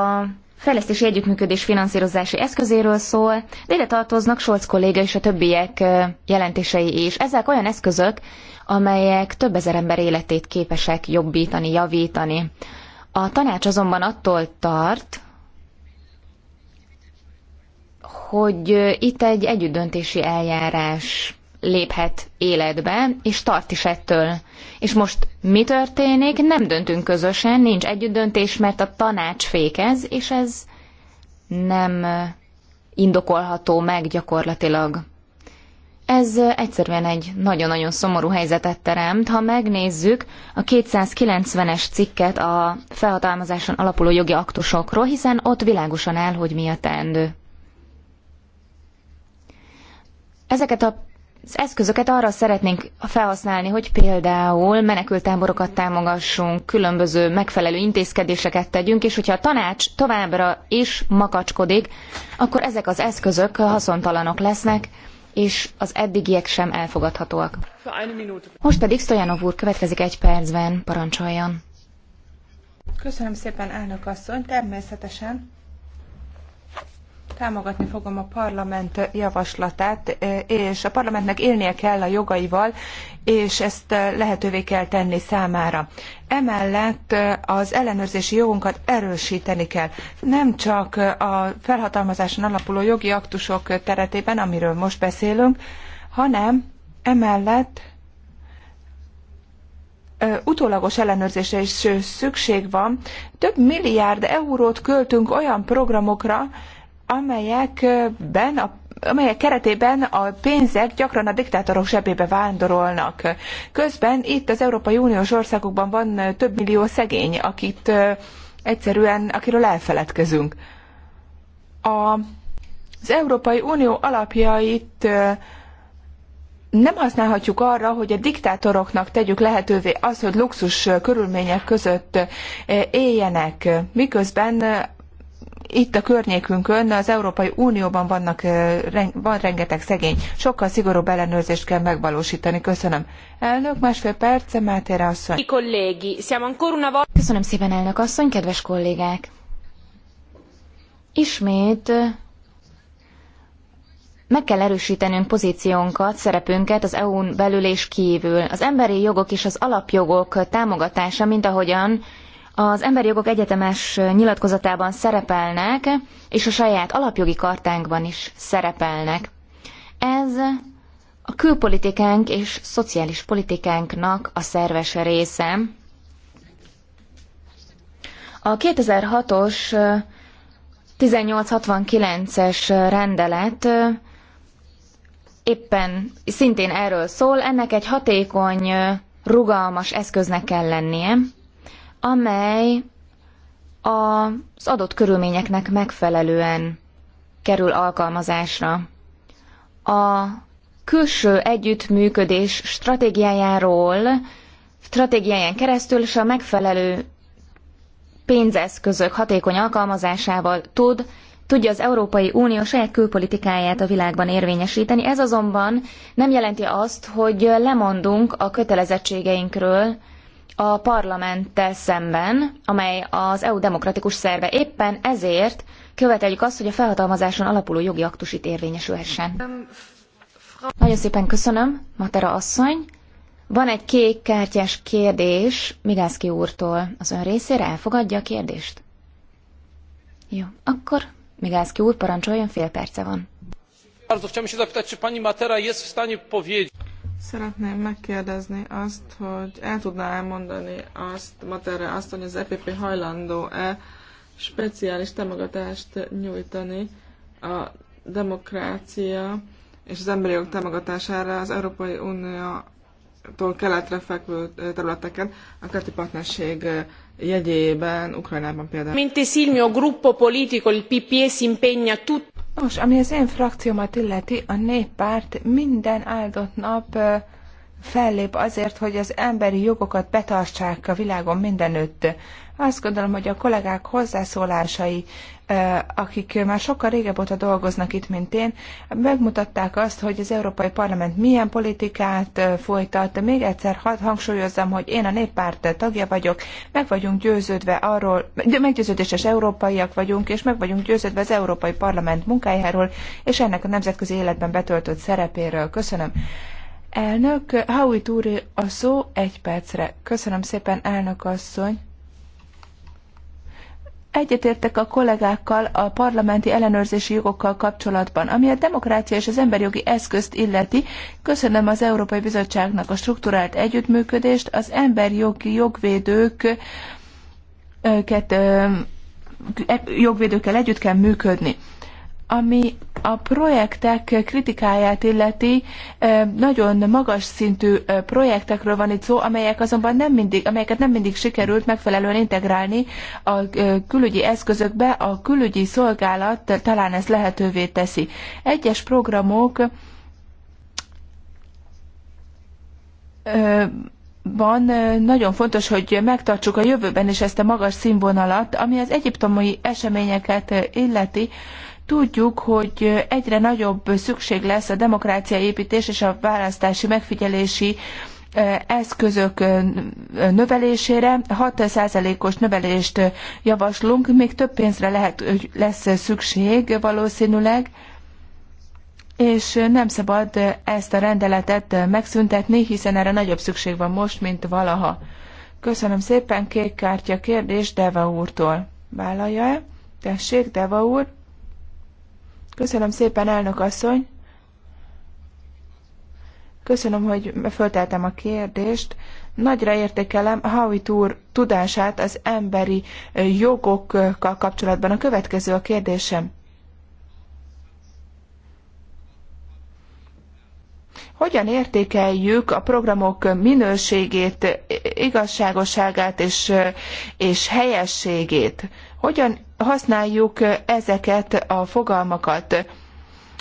fejlesztési együttműködés finanszírozási eszközéről szól, de ide tartoznak Scholz kolléga és a többiek jelentései is. Ezek olyan eszközök, amelyek több ezer ember életét képesek jobbítani, javítani. A tanács azonban attól tart, hogy itt egy együttdöntési eljárás léphet életbe, és tart is ettől. És most mi történik? Nem döntünk közösen, nincs együttdöntés, mert a tanács fékez, és ez nem indokolható meg gyakorlatilag. Ez egyszerűen egy nagyon-nagyon szomorú helyzetet teremt. Ha megnézzük a 290-es cikket a felhatalmazáson alapuló jogi aktusokról, hiszen ott világosan áll, hogy mi a teendő. Ezeket a az eszközöket arra szeretnénk felhasználni, hogy például menekültáborokat támogassunk, különböző megfelelő intézkedéseket tegyünk, és hogyha a tanács továbbra is makacskodik, akkor ezek az eszközök haszontalanok lesznek, és az eddigiek sem elfogadhatóak. Most pedig Stojanov úr következik egy percben, parancsoljon. Köszönöm szépen, elnök asszony. Természetesen Támogatni fogom a parlament javaslatát, e, és a parlamentnek élnie kell a jogaival, és ezt e, lehetővé kell tenni számára. Emellett e, az ellenőrzési jogunkat erősíteni kell. Nem csak a felhatalmazáson alapuló jogi aktusok teretében, amiről most beszélünk, hanem emellett utólagos ellenőrzésre is szükség van. Több milliárd eurót költünk olyan programokra, amelyekben a amelyek keretében a pénzek gyakran a diktátorok zsebébe vándorolnak. Közben itt az Európai Uniós országokban van több millió szegény, akit egyszerűen, akiről elfeledkezünk. A, az Európai Unió alapjait nem használhatjuk arra, hogy a diktátoroknak tegyük lehetővé az, hogy luxus körülmények között éljenek, miközben itt a környékünkön, az Európai Unióban vannak, van rengeteg szegény. Sokkal szigorúbb ellenőrzést kell megvalósítani. Köszönöm. Elnök, másfél perc, Mátére asszony. Köszönöm szépen, elnök asszony, kedves kollégák. Ismét meg kell erősítenünk pozíciónkat, szerepünket az EU-n belül és kívül. Az emberi jogok és az alapjogok támogatása, mint ahogyan az emberi jogok egyetemes nyilatkozatában szerepelnek, és a saját alapjogi kartánkban is szerepelnek. Ez a külpolitikánk és szociális politikánknak a szerves része. A 2006-os 1869-es rendelet éppen szintén erről szól, ennek egy hatékony, rugalmas eszköznek kell lennie, amely az adott körülményeknek megfelelően kerül alkalmazásra. A külső együttműködés stratégiájáról, stratégiáján keresztül és a megfelelő pénzeszközök hatékony alkalmazásával tud tudja az Európai Unió saját külpolitikáját a világban érvényesíteni. Ez azonban nem jelenti azt, hogy lemondunk a kötelezettségeinkről, a parlamenttel szemben, amely az EU demokratikus szerve. Éppen ezért követeljük azt, hogy a felhatalmazáson alapuló jogi aktus itt érvényesülhessen. Nagyon szépen köszönöm, Matera asszony. Van egy kék kártyás kérdés Migászki úrtól. Az ön részére elfogadja a kérdést? Jó, akkor Migászki úr parancsoljon, fél perce van. Bardzo chciałbym się zapytać, czy pani Matera jest w stanie powiedzieć... Szeretném megkérdezni azt, hogy el tudná elmondani azt, Materre azt, hogy az EPP hajlandó-e speciális támogatást nyújtani a demokrácia és az emberi jog támogatására az Európai Uniótól keletre fekvő területeken a keleti partnerség jegyében, Ukrajnában például. Mint Silmio gruppo politico, il PPE si impegna tut... Nos, ami az én frakciómat illeti, a néppárt minden áldott nap fellép azért, hogy az emberi jogokat betartsák a világon mindenütt. Azt gondolom, hogy a kollégák hozzászólásai, akik már sokkal régebb óta dolgoznak itt, mint én, megmutatták azt, hogy az Európai Parlament milyen politikát folytat. Még egyszer hadd hangsúlyozzam, hogy én a néppárt tagja vagyok, meg vagyunk győződve arról, de meggyőződéses európaiak vagyunk, és meg vagyunk győződve az Európai Parlament munkájáról, és ennek a nemzetközi életben betöltött szerepéről. Köszönöm. Elnök, Haui Túri a szó egy percre. Köszönöm szépen, elnök asszony. Egyetértek a kollégákkal a parlamenti ellenőrzési jogokkal kapcsolatban, ami a demokrácia és az emberi jogi eszközt illeti. Köszönöm az Európai Bizottságnak a strukturált együttműködést, az emberi jogi jogvédők őket, jogvédőkkel együtt kell működni. Ami a projektek kritikáját illeti, nagyon magas szintű projektekről van itt szó, amelyek azonban nem mindig, amelyeket nem mindig sikerült megfelelően integrálni a külügyi eszközökbe, a külügyi szolgálat talán ezt lehetővé teszi. Egyes programok van, nagyon fontos, hogy megtartsuk a jövőben is ezt a magas színvonalat, ami az egyiptomi eseményeket illeti. Tudjuk, hogy egyre nagyobb szükség lesz a demokráciaépítés és a választási megfigyelési eszközök növelésére 6%-os növelést javaslunk, még több pénzre lehet, lesz szükség valószínűleg, és nem szabad ezt a rendeletet megszüntetni, hiszen erre nagyobb szükség van most, mint valaha. Köszönöm szépen, kék kártya kérdés Deva úrtól. Vállalja-e? Tessék, Deva úr! Köszönöm szépen, elnök asszony. Köszönöm, hogy fölteltem a kérdést. Nagyra értékelem Howitt úr tudását az emberi jogokkal kapcsolatban. A következő a kérdésem. hogyan értékeljük a programok minőségét, igazságosságát és, és helyességét? Hogyan használjuk ezeket a fogalmakat?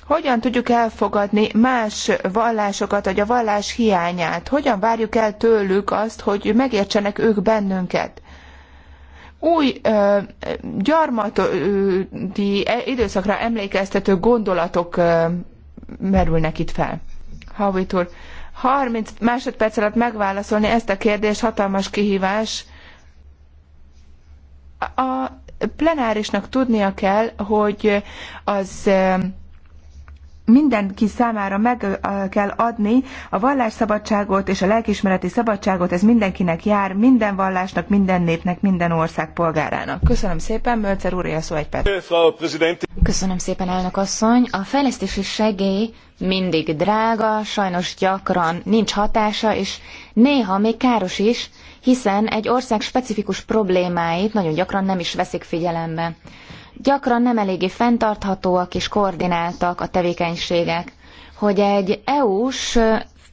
Hogyan tudjuk elfogadni más vallásokat, vagy a vallás hiányát? Hogyan várjuk el tőlük azt, hogy megértsenek ők bennünket? Új ö, gyarmati időszakra emlékeztető gondolatok ö, merülnek itt fel. Havit úr, 30 másodperc alatt megválaszolni ezt a kérdést hatalmas kihívás. A plenárisnak tudnia kell, hogy az eh, mindenki számára meg kell adni a vallásszabadságot és a lelkismereti szabadságot, ez mindenkinek jár, minden vallásnak, minden népnek, minden ország polgárának. Köszönöm szépen, Mölcer úr, szó egy perc. Köszönöm szépen, elnök asszony. A fejlesztési segély mindig drága, sajnos gyakran nincs hatása, és néha még káros is, hiszen egy ország specifikus problémáit nagyon gyakran nem is veszik figyelembe gyakran nem eléggé fenntarthatóak és koordináltak a tevékenységek. Hogy egy EU-s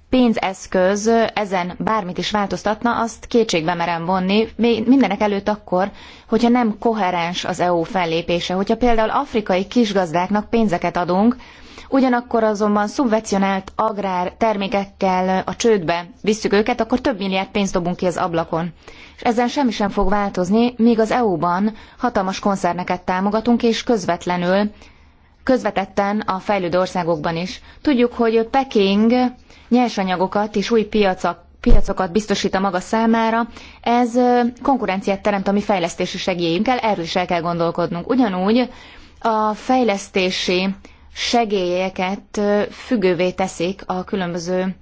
pénzeszköz ezen bármit is változtatna, azt kétségbe merem vonni, mindenek előtt akkor, hogyha nem koherens az EU fellépése. Hogyha például afrikai kisgazdáknak pénzeket adunk, ugyanakkor azonban szubvencionált agrár termékekkel a csődbe visszük őket, akkor több milliárd pénzt dobunk ki az ablakon és ezen semmi sem fog változni, míg az EU-ban hatalmas koncerneket támogatunk, és közvetlenül, közvetetten a fejlődő országokban is. Tudjuk, hogy Peking nyersanyagokat és új piacok, piacokat biztosít a maga számára, ez konkurenciát teremt a mi fejlesztési segélyünkkel, erről is el kell gondolkodnunk. Ugyanúgy a fejlesztési segélyeket függővé teszik a különböző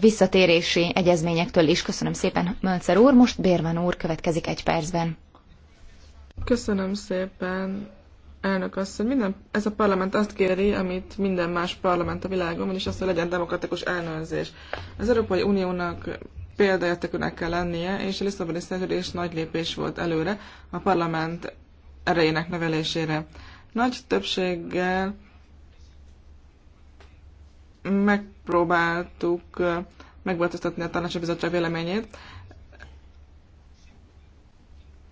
visszatérési egyezményektől is. Köszönöm szépen, Mölcer úr. Most Bérman úr következik egy percben. Köszönöm szépen, elnök asszony. Minden, ez a parlament azt kéri, amit minden más parlament a világon, és azt, hogy legyen demokratikus elnőrzés. Az Európai Uniónak példaértekűnek kell lennie, és a Lisszaboni szerződés nagy lépés volt előre a parlament erejének növelésére. Nagy többséggel megpróbáltuk megváltoztatni a tanácsi bizottság véleményét.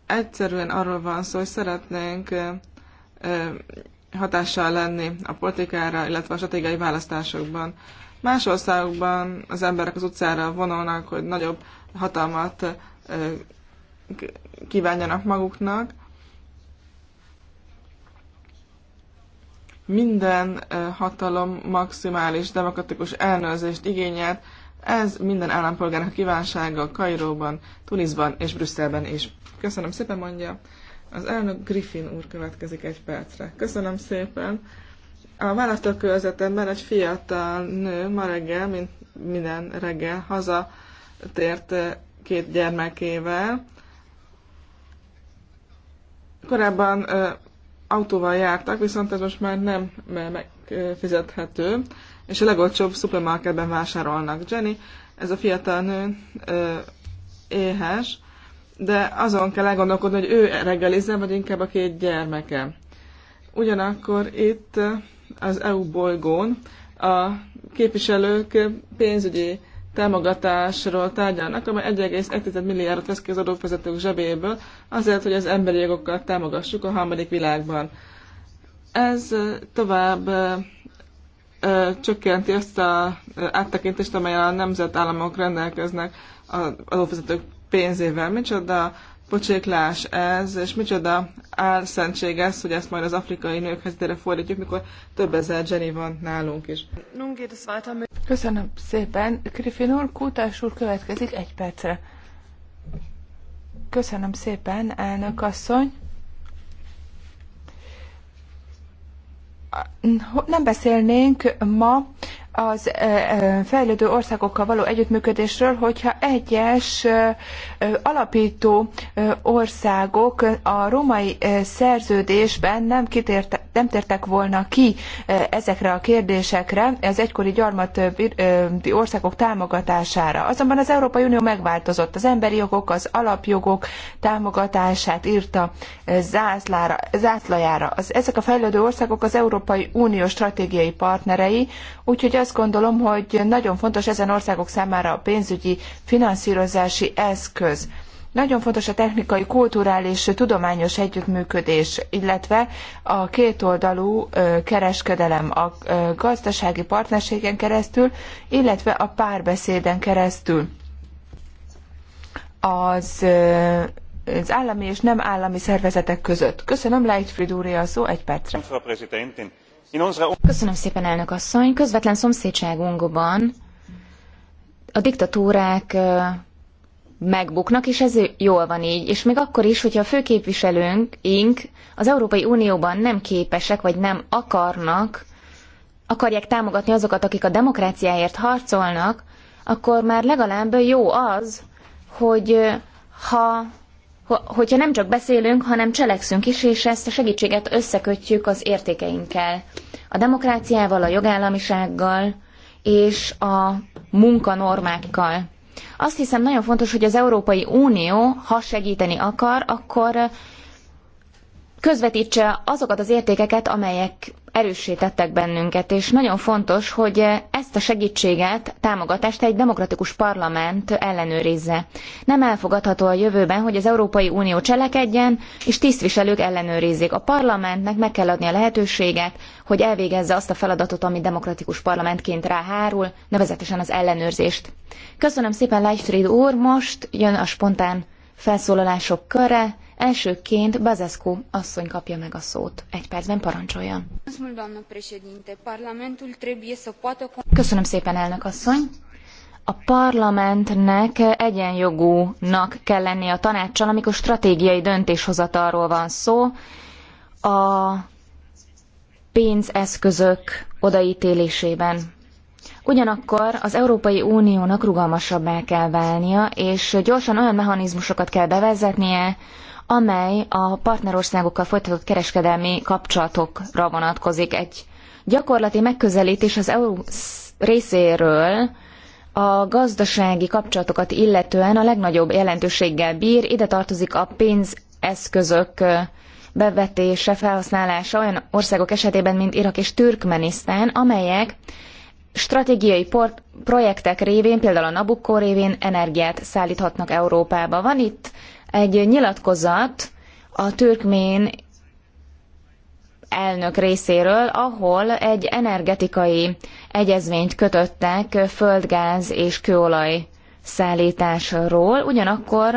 Egyszerűen arról van szó, hogy szeretnénk hatással lenni a politikára, illetve a stratégiai választásokban. Más országokban az emberek az utcára vonulnak, hogy nagyobb hatalmat kívánjanak maguknak, minden hatalom maximális demokratikus elnőrzést igényelt, ez minden állampolgárnak kívánsága Kairóban, Tunisban és Brüsszelben is. Köszönöm szépen, mondja. Az elnök Griffin úr következik egy percre. Köszönöm szépen. A választókörzetemben egy fiatal nő ma reggel, mint minden reggel, haza tért két gyermekével. Korábban autóval jártak, viszont ez most már nem megfizethető, és a legolcsóbb szupermarketben vásárolnak. Jenny, ez a fiatal nő éhes, de azon kell elgondolkodni, hogy ő reggelizze, vagy inkább a két gyermeke. Ugyanakkor itt az EU bolygón a képviselők pénzügyi támogatásról tárgyalnak, amely 1,1 milliárdot vesz ki az adófizetők zsebéből, azért, hogy az emberi jogokat támogassuk a harmadik világban. Ez tovább csökkenti azt a áttekintést, amely a nemzetállamok rendelkeznek az adófizetők pénzével. Micsoda pocséklás ez, és micsoda álszentség ez, hogy ezt majd az afrikai nők helyzetére fordítjuk, mikor több ezer Jenny van nálunk is. Köszönöm szépen. Griffin úr, Kútás úr következik egy percre. Köszönöm szépen, elnök asszony. nem beszélnénk ma az e, e, fejlődő országokkal való együttműködésről, hogyha egyes e, alapító országok a római szerződésben nem kitértek nem tértek volna ki ezekre a kérdésekre, az egykori gyarmati országok támogatására. Azonban az Európai Unió megváltozott. Az emberi jogok, az alapjogok támogatását írta zászlára, zászlajára. Az, ezek a fejlődő országok az Európai Unió stratégiai partnerei, úgyhogy azt gondolom, hogy nagyon fontos ezen országok számára a pénzügyi finanszírozási eszköz. Nagyon fontos a technikai, kulturális, tudományos együttműködés, illetve a kétoldalú kereskedelem a gazdasági partnerségen keresztül, illetve a párbeszéden keresztül. Az az állami és nem állami szervezetek között. Köszönöm, Leichtfried úr, a szó egy percre. Köszönöm szépen, elnök asszony. Közvetlen szomszédságunkban a diktatúrák megbuknak, és ez jól van így. És még akkor is, hogyha a főképviselőnk, ink, az Európai Unióban nem képesek, vagy nem akarnak, akarják támogatni azokat, akik a demokráciáért harcolnak, akkor már legalább jó az, hogy ha hogyha nem csak beszélünk, hanem cselekszünk is, és ezt a segítséget összekötjük az értékeinkkel. A demokráciával, a jogállamisággal és a munkanormákkal. Azt hiszem nagyon fontos, hogy az Európai Unió, ha segíteni akar, akkor közvetítse azokat az értékeket, amelyek erőssé tettek bennünket, és nagyon fontos, hogy ezt a segítséget, támogatást egy demokratikus parlament ellenőrizze. Nem elfogadható a jövőben, hogy az Európai Unió cselekedjen, és tisztviselők ellenőrizzék. A parlamentnek meg kell adni a lehetőséget, hogy elvégezze azt a feladatot, ami demokratikus parlamentként ráhárul, nevezetesen az ellenőrzést. Köszönöm szépen, Leichtfried úr, most jön a spontán felszólalások köre. Elsőként Bazescu asszony kapja meg a szót. Egy percben parancsoljon. Köszönöm szépen, elnök asszony. A parlamentnek egyenjogúnak kell lennie a tanácssal, amikor stratégiai döntéshozatalról van szó. A pénzeszközök odaítélésében. Ugyanakkor az Európai Uniónak rugalmasabbá kell válnia, és gyorsan olyan mechanizmusokat kell bevezetnie, amely a partnerországokkal folytatott kereskedelmi kapcsolatokra vonatkozik. Egy gyakorlati megközelítés az EU részéről a gazdasági kapcsolatokat illetően a legnagyobb jelentőséggel bír, ide tartozik a pénzeszközök bevetése, felhasználása olyan országok esetében, mint Irak és Türkmenisztán, amelyek stratégiai projektek révén, például a Nabucco révén energiát szállíthatnak Európába. Van itt egy nyilatkozat a türkmén elnök részéről, ahol egy energetikai egyezményt kötöttek földgáz és kőolaj szállításról, ugyanakkor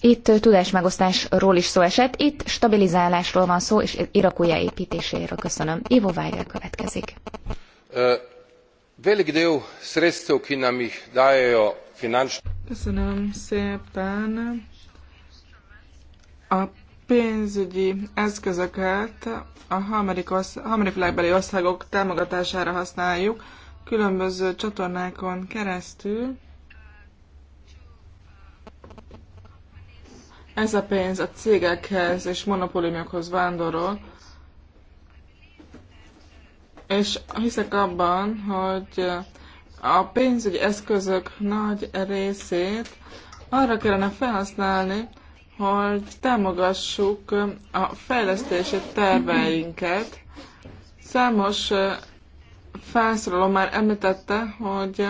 itt tudásmegosztásról is szó esett, itt stabilizálásról van szó, és Irak építéséről Köszönöm. Ivo Weigel következik. Köszönöm szépen. A pénzügyi eszközöket a harmadik, világbeli országok támogatására használjuk, különböző csatornákon keresztül. Ez a pénz a cégekhez és monopóliumokhoz vándorol, és hiszek abban, hogy a pénzügyi eszközök nagy részét arra kellene felhasználni, hogy támogassuk a fejlesztési terveinket. Számos felszólaló már említette, hogy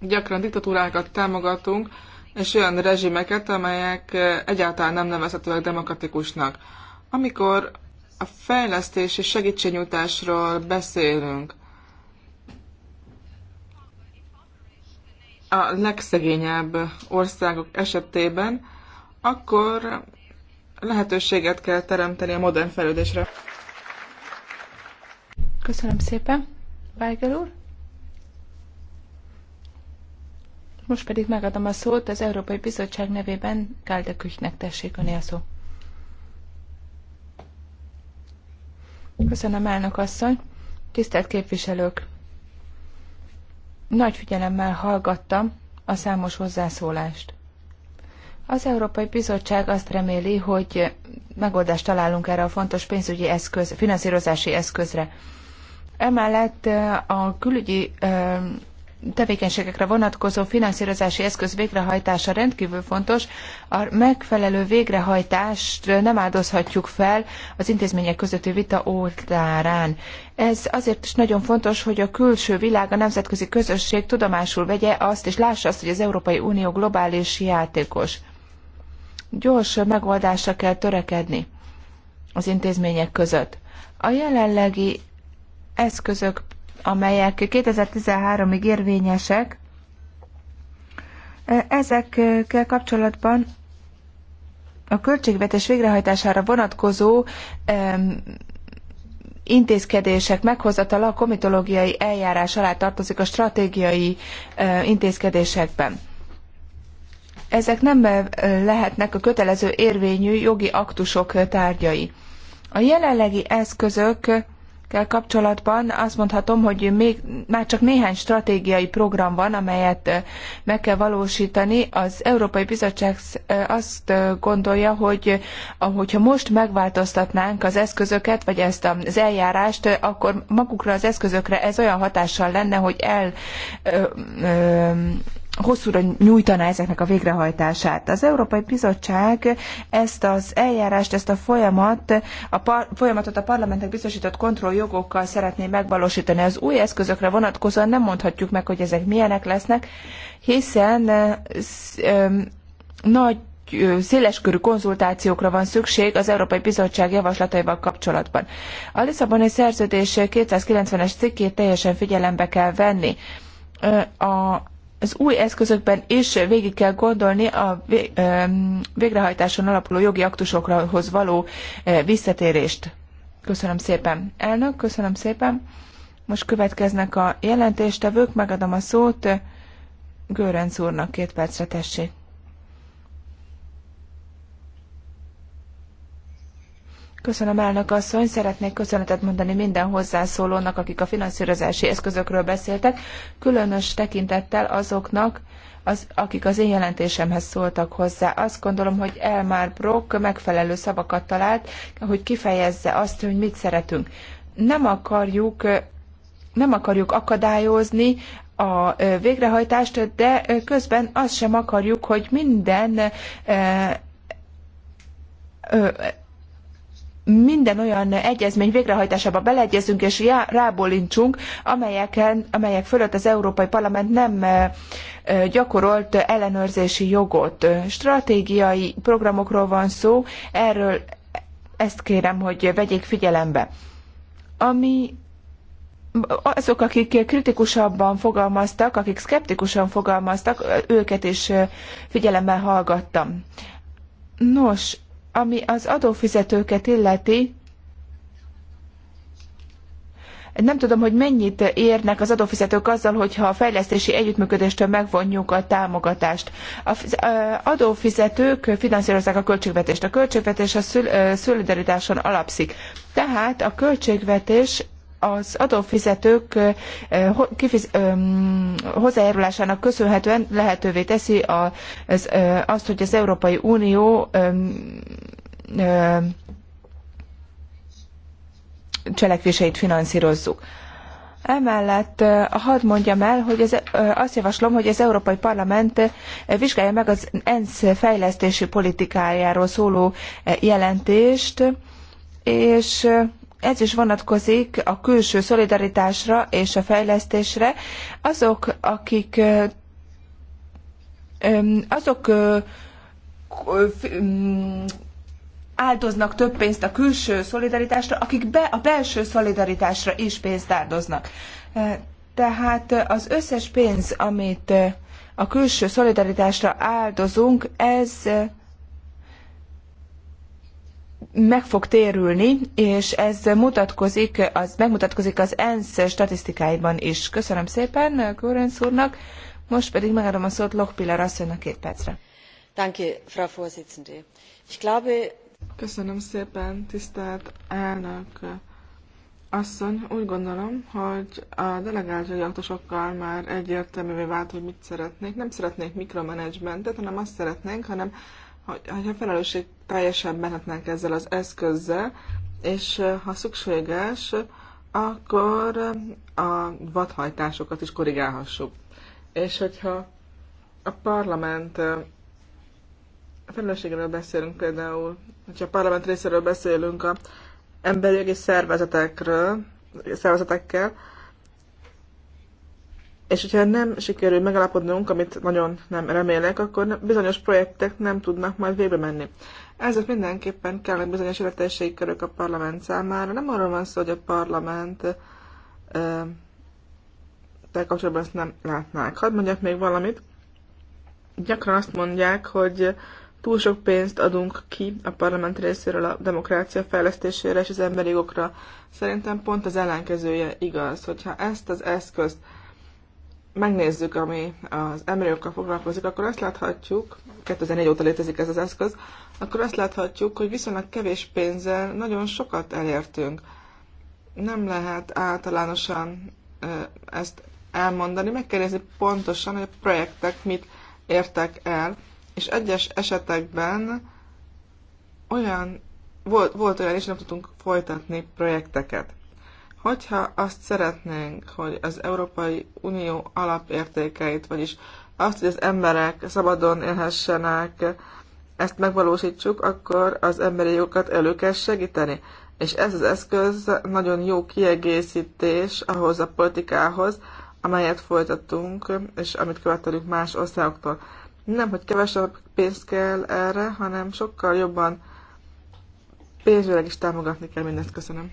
gyakran diktatúrákat támogatunk, és olyan rezsimeket, amelyek egyáltalán nem nevezhetőek demokratikusnak. Amikor a fejlesztési segítségnyújtásról beszélünk, a legszegényebb országok esetében akkor lehetőséget kell teremteni a modern fejlődésre. Köszönöm szépen. Weigel úr? Most pedig megadom a szót az Európai Bizottság nevében Gáldeküchnek tessék öné a szó. Köszönöm, elnök asszony. Tisztelt képviselők! Nagy figyelemmel hallgattam a számos hozzászólást. Az Európai Bizottság azt reméli, hogy megoldást találunk erre a fontos pénzügyi eszköz, finanszírozási eszközre. Emellett a külügyi tevékenységekre vonatkozó finanszírozási eszköz végrehajtása rendkívül fontos. A megfelelő végrehajtást nem áldozhatjuk fel az intézmények közötti vita oltárán. Ez azért is nagyon fontos, hogy a külső világ, a nemzetközi közösség tudomásul vegye azt, és lássa azt, hogy az Európai Unió globális játékos gyors megoldásra kell törekedni az intézmények között. A jelenlegi eszközök, amelyek 2013-ig érvényesek, e, ezekkel kapcsolatban a költségvetés végrehajtására vonatkozó intézkedések meghozatala a komitológiai eljárás alá tartozik a stratégiai intézkedésekben ezek nem lehetnek a kötelező érvényű jogi aktusok tárgyai. A jelenlegi eszközökkel kapcsolatban azt mondhatom, hogy még, már csak néhány stratégiai program van, amelyet meg kell valósítani. Az Európai Bizottság azt gondolja, hogy ha most megváltoztatnánk az eszközöket, vagy ezt az eljárást, akkor magukra az eszközökre ez olyan hatással lenne, hogy el ö, ö, hosszúra nyújtaná ezeknek a végrehajtását. Az Európai Bizottság ezt az eljárást, ezt a folyamat, a par, folyamatot a parlamentnek biztosított kontrolljogokkal szeretné megvalósítani. Az új eszközökre vonatkozóan nem mondhatjuk meg, hogy ezek milyenek lesznek, hiszen nagy széleskörű konzultációkra van szükség az Európai Bizottság javaslataival kapcsolatban. A Lisszaboni szerződés 290-es cikkét teljesen figyelembe kell venni. A az új eszközökben is végig kell gondolni a végrehajtáson alapuló jogi aktusokhoz való e, visszatérést. Köszönöm szépen, elnök, köszönöm szépen. Most következnek a jelentéstevők, megadom a szót Görenc úrnak két percre tessék. Köszönöm, elnök asszony. Szeretnék köszönetet mondani minden hozzászólónak, akik a finanszírozási eszközökről beszéltek, különös tekintettel azoknak, az, akik az én jelentésemhez szóltak hozzá. Azt gondolom, hogy Elmar Brock megfelelő szavakat talált, hogy kifejezze azt, hogy mit szeretünk. Nem akarjuk, nem akarjuk akadályozni a végrehajtást, de közben azt sem akarjuk, hogy minden minden olyan egyezmény végrehajtásába beleegyezünk és já, rábólincsunk, amelyeken, amelyek fölött az Európai Parlament nem gyakorolt ellenőrzési jogot. Stratégiai programokról van szó, erről ezt kérem, hogy vegyék figyelembe. Ami azok, akik kritikusabban fogalmaztak, akik szkeptikusan fogalmaztak, őket is figyelemmel hallgattam. Nos, ami az adófizetőket illeti, nem tudom, hogy mennyit érnek az adófizetők azzal, hogyha a fejlesztési együttműködéstől megvonjuk a támogatást. Az adófizetők finanszírozzák a költségvetést. A költségvetés a szolidaritáson alapszik. Tehát a költségvetés az adófizetők hozzájárulásának köszönhetően lehetővé teszi az, azt, hogy az Európai Unió cselekvéseit finanszírozzuk. Emellett hadd mondjam el, hogy ez, azt javaslom, hogy az Európai Parlament vizsgálja meg az ENSZ fejlesztési politikájáról szóló jelentést, és ez is vonatkozik a külső szolidaritásra és a fejlesztésre. Azok, akik azok áldoznak több pénzt a külső szolidaritásra, akik be a belső szolidaritásra is pénzt áldoznak. Tehát az összes pénz, amit a külső szolidaritásra áldozunk, ez meg fog térülni, és ez mutatkozik, az, megmutatkozik az ENSZ statisztikáiban is. Köszönöm szépen Görenc úrnak, most pedig megadom a szót Lochpiller asszonynak két percre. Danke, Frau Vorsitzende. Ich glaube... Köszönöm szépen, tisztelt elnök asszony. Úgy gondolom, hogy a delegált jogi már egyértelművé vált, hogy mit szeretnék. Nem szeretnék mikromanagementet, hanem azt szeretnénk, hanem hogy, hogyha felelősség teljesen mehetnek ezzel az eszközzel, és ha szükséges, akkor a vadhajtásokat is korrigálhassuk. És hogyha a parlament felelősségről beszélünk például, hogyha a parlament részéről beszélünk a emberi jogi szervezetekről, szervezetekkel, és hogyha nem sikerül megalapodnunk, amit nagyon nem remélek, akkor bizonyos projektek nem tudnak majd végbe menni. Ezért mindenképpen kellene bizonyos körök a parlament számára. Nem arról van szó, hogy a parlament te kapcsolatban ezt nem látnák. Hadd mondjak még valamit. Gyakran azt mondják, hogy túl sok pénzt adunk ki a parlament részéről a demokrácia fejlesztésére és az emberi jogokra. Szerintem pont az ellenkezője igaz, hogyha ezt az eszközt megnézzük, ami az emberiokkal foglalkozik, akkor azt láthatjuk, 2004 óta létezik ez az eszköz, akkor azt láthatjuk, hogy viszonylag kevés pénzzel nagyon sokat elértünk. Nem lehet általánosan ezt elmondani, meg kell nézni pontosan, hogy a projektek mit értek el, és egyes esetekben olyan, volt, volt olyan, és nem tudtunk folytatni projekteket. Hogyha azt szeretnénk, hogy az Európai Unió alapértékeit, vagyis azt, hogy az emberek szabadon élhessenek, ezt megvalósítsuk, akkor az emberi jogokat elő kell segíteni. És ez az eszköz nagyon jó kiegészítés ahhoz a politikához, amelyet folytatunk, és amit követelünk más országoktól. Nem, hogy kevesebb pénzt kell erre, hanem sokkal jobban pénzőleg is támogatni kell mindezt. Köszönöm.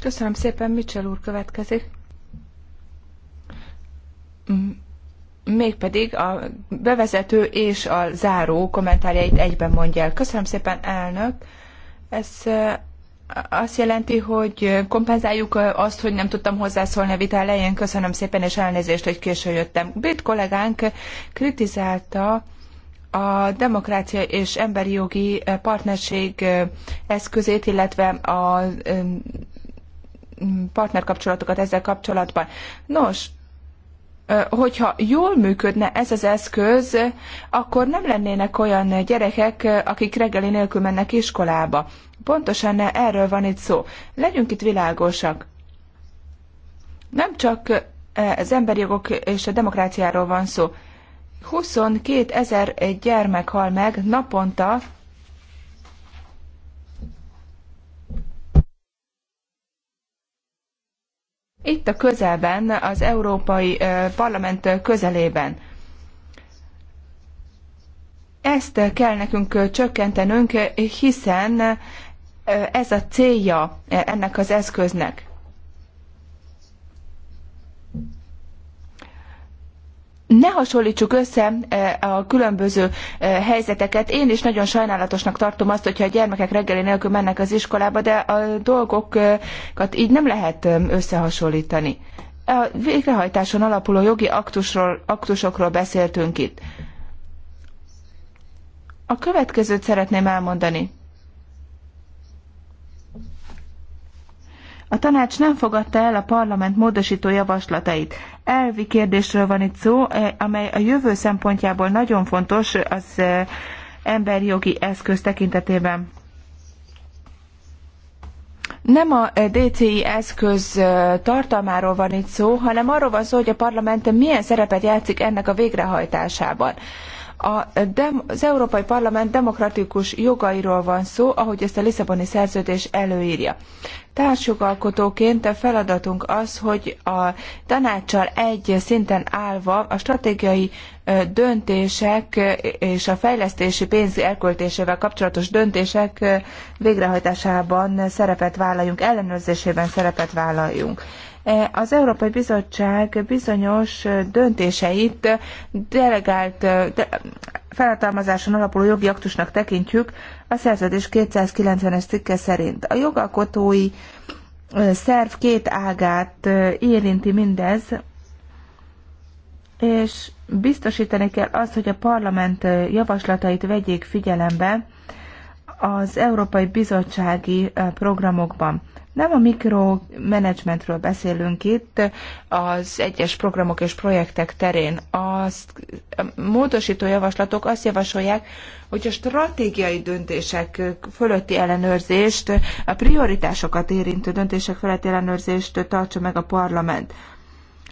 Köszönöm szépen, Mitchell úr következik. Mm, mégpedig a bevezető és a záró kommentárjait egyben mondja el. Köszönöm szépen, elnök. Ez azt jelenti, hogy kompenzáljuk azt, hogy nem tudtam hozzászólni a vita elején. Köszönöm szépen, és elnézést, hogy későn jöttem. Brit kollégánk kritizálta, a demokrácia és emberi jogi eh, partnerség eh, eszközét, illetve a eh, partnerkapcsolatokat ezzel kapcsolatban. Nos, hogyha jól működne ez az eszköz, akkor nem lennének olyan gyerekek, akik reggeli nélkül mennek iskolába. Pontosan erről van itt szó. Legyünk itt világosak. Nem csak az emberi jogok és a demokráciáról van szó. 22 ezer gyermek hal meg naponta itt a közelben, az Európai Parlament közelében. Ezt kell nekünk csökkentenünk, hiszen ez a célja ennek az eszköznek. ne hasonlítsuk össze e, a különböző e, helyzeteket. Én is nagyon sajnálatosnak tartom azt, hogyha a gyermekek reggeli nélkül mennek az iskolába, de a dolgokat így nem lehet e, összehasonlítani. A végrehajtáson alapuló jogi aktusról, aktusokról beszéltünk itt. A következőt szeretném elmondani. A tanács nem fogadta el a parlament módosító javaslatait elvi kérdésről van itt szó, eh, amely a jövő szempontjából nagyon fontos eh, az eh, emberi jogi eszköz tekintetében. Nem a DCI eszköz tartalmáról van itt szó, hanem arról van szó, hogy a parlament milyen szerepet játszik ennek a végrehajtásában. A dem, az Európai Parlament demokratikus jogairól van szó, ahogy ezt a Lisszaboni szerződés előírja. Társjogalkotóként a feladatunk az, hogy a tanácssal egy szinten állva a stratégiai döntések és a fejlesztési pénz elköltésével kapcsolatos döntések végrehajtásában szerepet vállaljunk, ellenőrzésében szerepet vállaljunk. Az Európai Bizottság bizonyos döntéseit delegált de, felhatalmazáson alapuló jogi aktusnak tekintjük a szerződés 290-es cikke szerint. A jogalkotói szerv két ágát érinti mindez, és biztosítani kell azt, hogy a parlament javaslatait vegyék figyelembe az Európai Bizottsági programokban. Nem a mikromanagementről beszélünk itt az egyes programok és projektek terén. Azt, a módosító javaslatok azt javasolják, hogy a stratégiai döntések fölötti ellenőrzést, a prioritásokat érintő döntések fölötti ellenőrzést tartsa meg a parlament.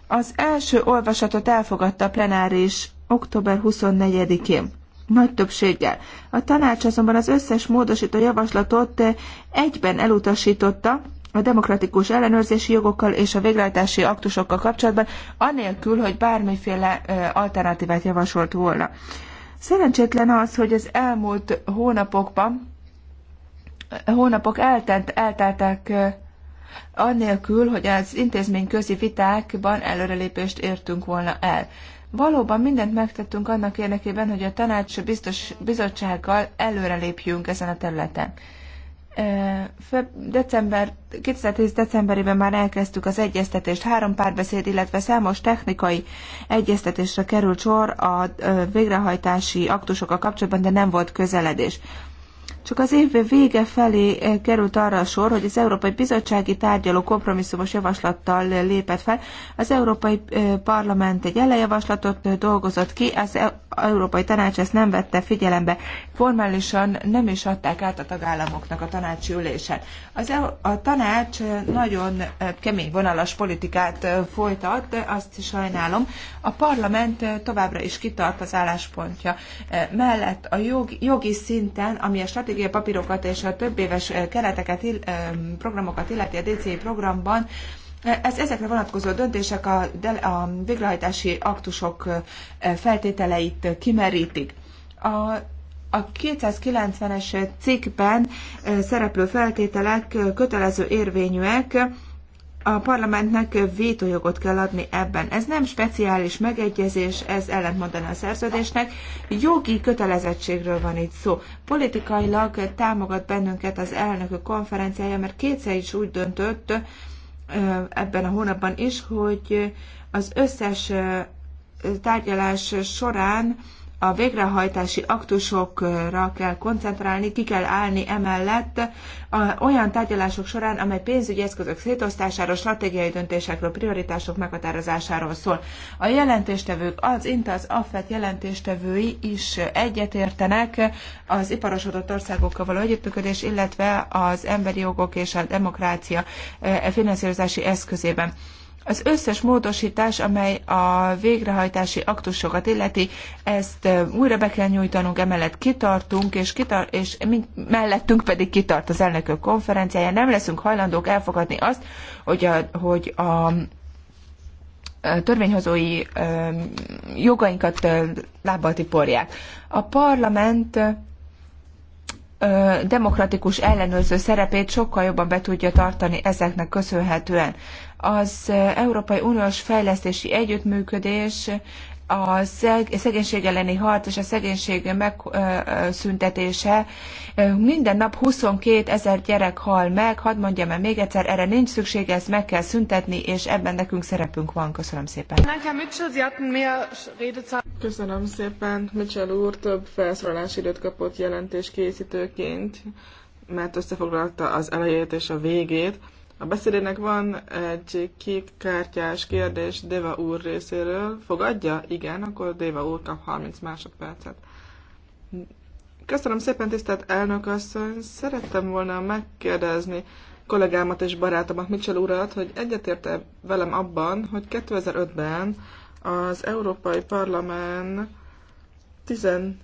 Az első olvasatot elfogadta a plenáris október 24-én nagy többséggel. A tanács azonban az összes módosító javaslatot egyben elutasította, a demokratikus ellenőrzési jogokkal és a végrehajtási aktusokkal kapcsolatban, anélkül, hogy bármiféle alternatívát javasolt volna. Szerencsétlen az, hogy az elmúlt hónapokban hónapok eltelt, elteltek annélkül, hogy az intézmény közi vitákban előrelépést értünk volna el. Valóban mindent megtettünk annak érdekében, hogy a tanács biztos bizottsággal előrelépjünk ezen a területen. December, 2010. decemberében már elkezdtük az egyeztetést, három párbeszéd, illetve számos technikai egyeztetésre került sor a végrehajtási aktusokkal kapcsolatban, de nem volt közeledés. Csak az év vége felé került arra a sor, hogy az Európai Bizottsági Tárgyaló kompromisszumos javaslattal lépett fel. Az Európai Parlament egy elejavaslatot dolgozott ki, az e- Európai Tanács ezt nem vette figyelembe. Formálisan nem is adták át a tagállamoknak a tanácsi ülésen. Az, e a tanács nagyon kemény vonalas politikát folytat, azt is sajnálom. A parlament továbbra is kitart az álláspontja mellett a jog, jogi szinten, ami a stratégiai papírokat és a több éves kereteket, programokat illeti a DCI programban, ez, ezekre vonatkozó döntések a, a végrehajtási aktusok feltételeit kimerítik. A, a 290-es cikkben szereplő feltételek kötelező érvényűek, a parlamentnek vétójogot kell adni ebben. Ez nem speciális megegyezés, ez ellentmondaná a szerződésnek. Jogi kötelezettségről van itt szó. Politikailag támogat bennünket az elnökök konferenciája, mert kétszer is úgy döntött, ebben a hónapban is, hogy az összes tárgyalás során a végrehajtási aktusokra kell koncentrálni, ki kell állni emellett olyan tárgyalások során, amely pénzügyi eszközök szétosztásáról, stratégiai döntésekről, prioritások meghatározásáról szól. A jelentéstevők, az INTA, az AFET jelentéstevői is egyetértenek az iparosodott országokkal való együttműködés, illetve az emberi jogok és a demokrácia eh, finanszírozási eszközében. Az összes módosítás, amely a végrehajtási aktusokat illeti, ezt újra be kell nyújtanunk, emellett kitartunk, és, kitar- és mellettünk pedig kitart az elnökök konferenciája. Nem leszünk hajlandók elfogadni azt, hogy a, hogy a törvényhozói jogainkat lábbal tiporják. A parlament demokratikus ellenőrző szerepét sokkal jobban be tudja tartani ezeknek köszönhetően. Az Európai Uniós Fejlesztési Együttműködés a szegénység elleni harc és a szegénység megszüntetése. Minden nap 22 ezer gyerek hal meg, hadd mondjam el még egyszer, erre nincs szükség, ezt meg kell szüntetni, és ebben nekünk szerepünk van. Köszönöm szépen. Köszönöm szépen, Mitchell úr több felszólalási időt kapott jelentés készítőként, mert összefoglalta az elejét és a végét a beszédének van egy két kártyás kérdés Deva úr részéről. Fogadja? Igen, akkor Deva úr kap 30 másodpercet. Köszönöm szépen, tisztelt elnök asszony! Szerettem volna megkérdezni kollégámat és barátomat, Mitchell urat, hogy egyetérte velem abban, hogy 2005-ben az Európai Parlament 14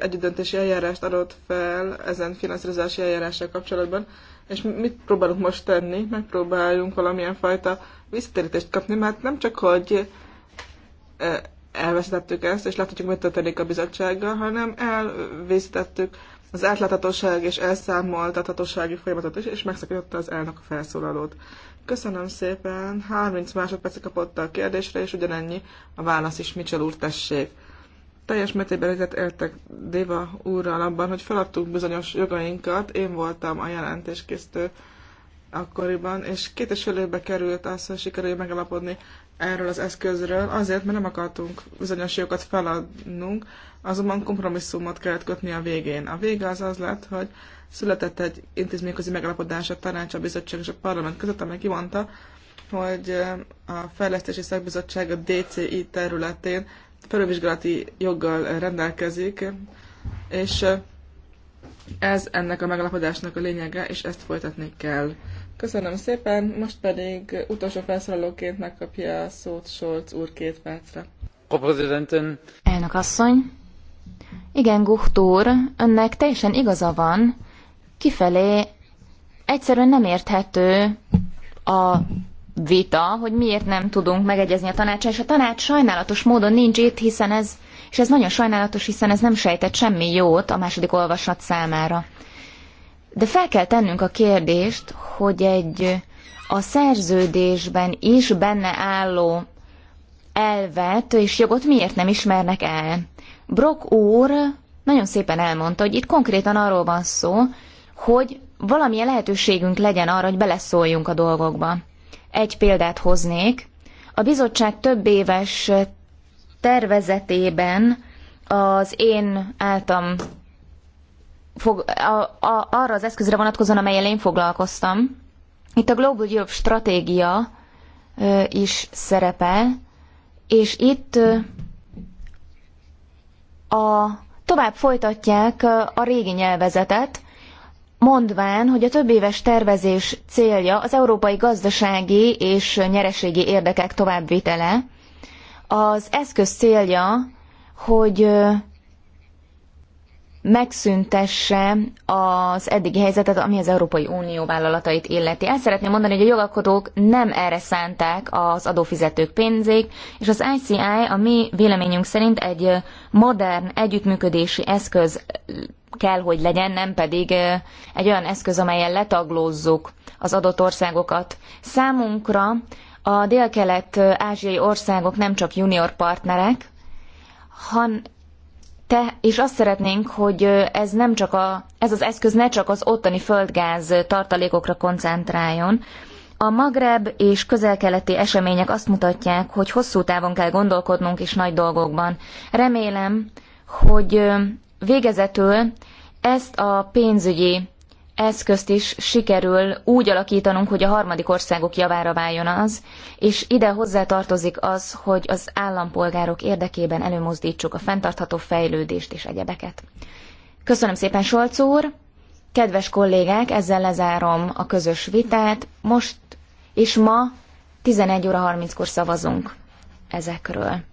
együttdöntési eljárást adott fel ezen finanszírozási eljárással kapcsolatban, és mit próbálunk most tenni? Megpróbáljunk valamilyen fajta visszatérítést kapni, mert nem csak, hogy e, elveszítettük ezt, és láthatjuk, mit történik a bizottsággal, hanem elvesztettük az átláthatóság és elszámoltathatósági folyamatot is, és megszakította az elnök a felszólalót. Köszönöm szépen, 30 másodperc kapott a kérdésre, és ugyanennyi a válasz is, Mitchell úr, tessék teljes mértékben egyet értek Déva úrral abban, hogy feladtuk bizonyos jogainkat. Én voltam a jelentéskészítő akkoriban, és két és fél évbe került az, hogy sikerül megalapodni erről az eszközről, azért, mert nem akartunk bizonyos jogokat feladnunk, azonban kompromisszumot kellett kötni a végén. A vége az az lett, hogy született egy intézményközi megalapodás a tanács, a bizottság és a parlament között, amely kimondta, hogy a fejlesztési szakbizottság a DCI területén felővizsgálati joggal rendelkezik, és ez ennek a megalapodásnak a lényege, és ezt folytatni kell. Köszönöm szépen, most pedig utolsó felszólalóként megkapja a szót Solc úr két percre. Elnök asszony, igen, Gucht önnek teljesen igaza van, kifelé egyszerűen nem érthető a vita, hogy miért nem tudunk megegyezni a tanácsa, és a tanács sajnálatos módon nincs itt, hiszen ez, és ez nagyon sajnálatos, hiszen ez nem sejtett semmi jót a második olvasat számára. De fel kell tennünk a kérdést, hogy egy a szerződésben is benne álló elvet és jogot miért nem ismernek el. Brock úr nagyon szépen elmondta, hogy itt konkrétan arról van szó, hogy valamilyen lehetőségünk legyen arra, hogy beleszóljunk a dolgokba. Egy példát hoznék. A bizottság több éves tervezetében az én áltam fog, a, a, arra az eszközre vonatkozóan, amelyen én foglalkoztam. Itt a Global Europe stratégia ö, is szerepel, és itt ö, a, tovább folytatják a régi nyelvezetet, mondván, hogy a több éves tervezés célja az európai gazdasági és nyereségi érdekek továbbvitele, az eszköz célja, hogy megszüntesse az eddigi helyzetet, ami az Európai Unió vállalatait illeti. El szeretném mondani, hogy a jogalkotók nem erre szánták az adófizetők pénzét, és az ICI a mi véleményünk szerint egy modern együttműködési eszköz kell, hogy legyen, nem pedig egy olyan eszköz, amelyen letaglózzuk az adott országokat. Számunkra a dél-kelet ázsiai országok nem csak junior partnerek, han, te, és azt szeretnénk, hogy ez, nem csak a, ez az eszköz ne csak az ottani földgáz tartalékokra koncentráljon. A Magreb és közelkeleti események azt mutatják, hogy hosszú távon kell gondolkodnunk és nagy dolgokban. Remélem, hogy végezetül ezt a pénzügyi eszközt is sikerül úgy alakítanunk, hogy a harmadik országok javára váljon az, és ide hozzá tartozik az, hogy az állampolgárok érdekében előmozdítsuk a fenntartható fejlődést és egyebeket. Köszönöm szépen, Solc úr! Kedves kollégák, ezzel lezárom a közös vitát. Most és ma 11 óra 30-kor szavazunk ezekről.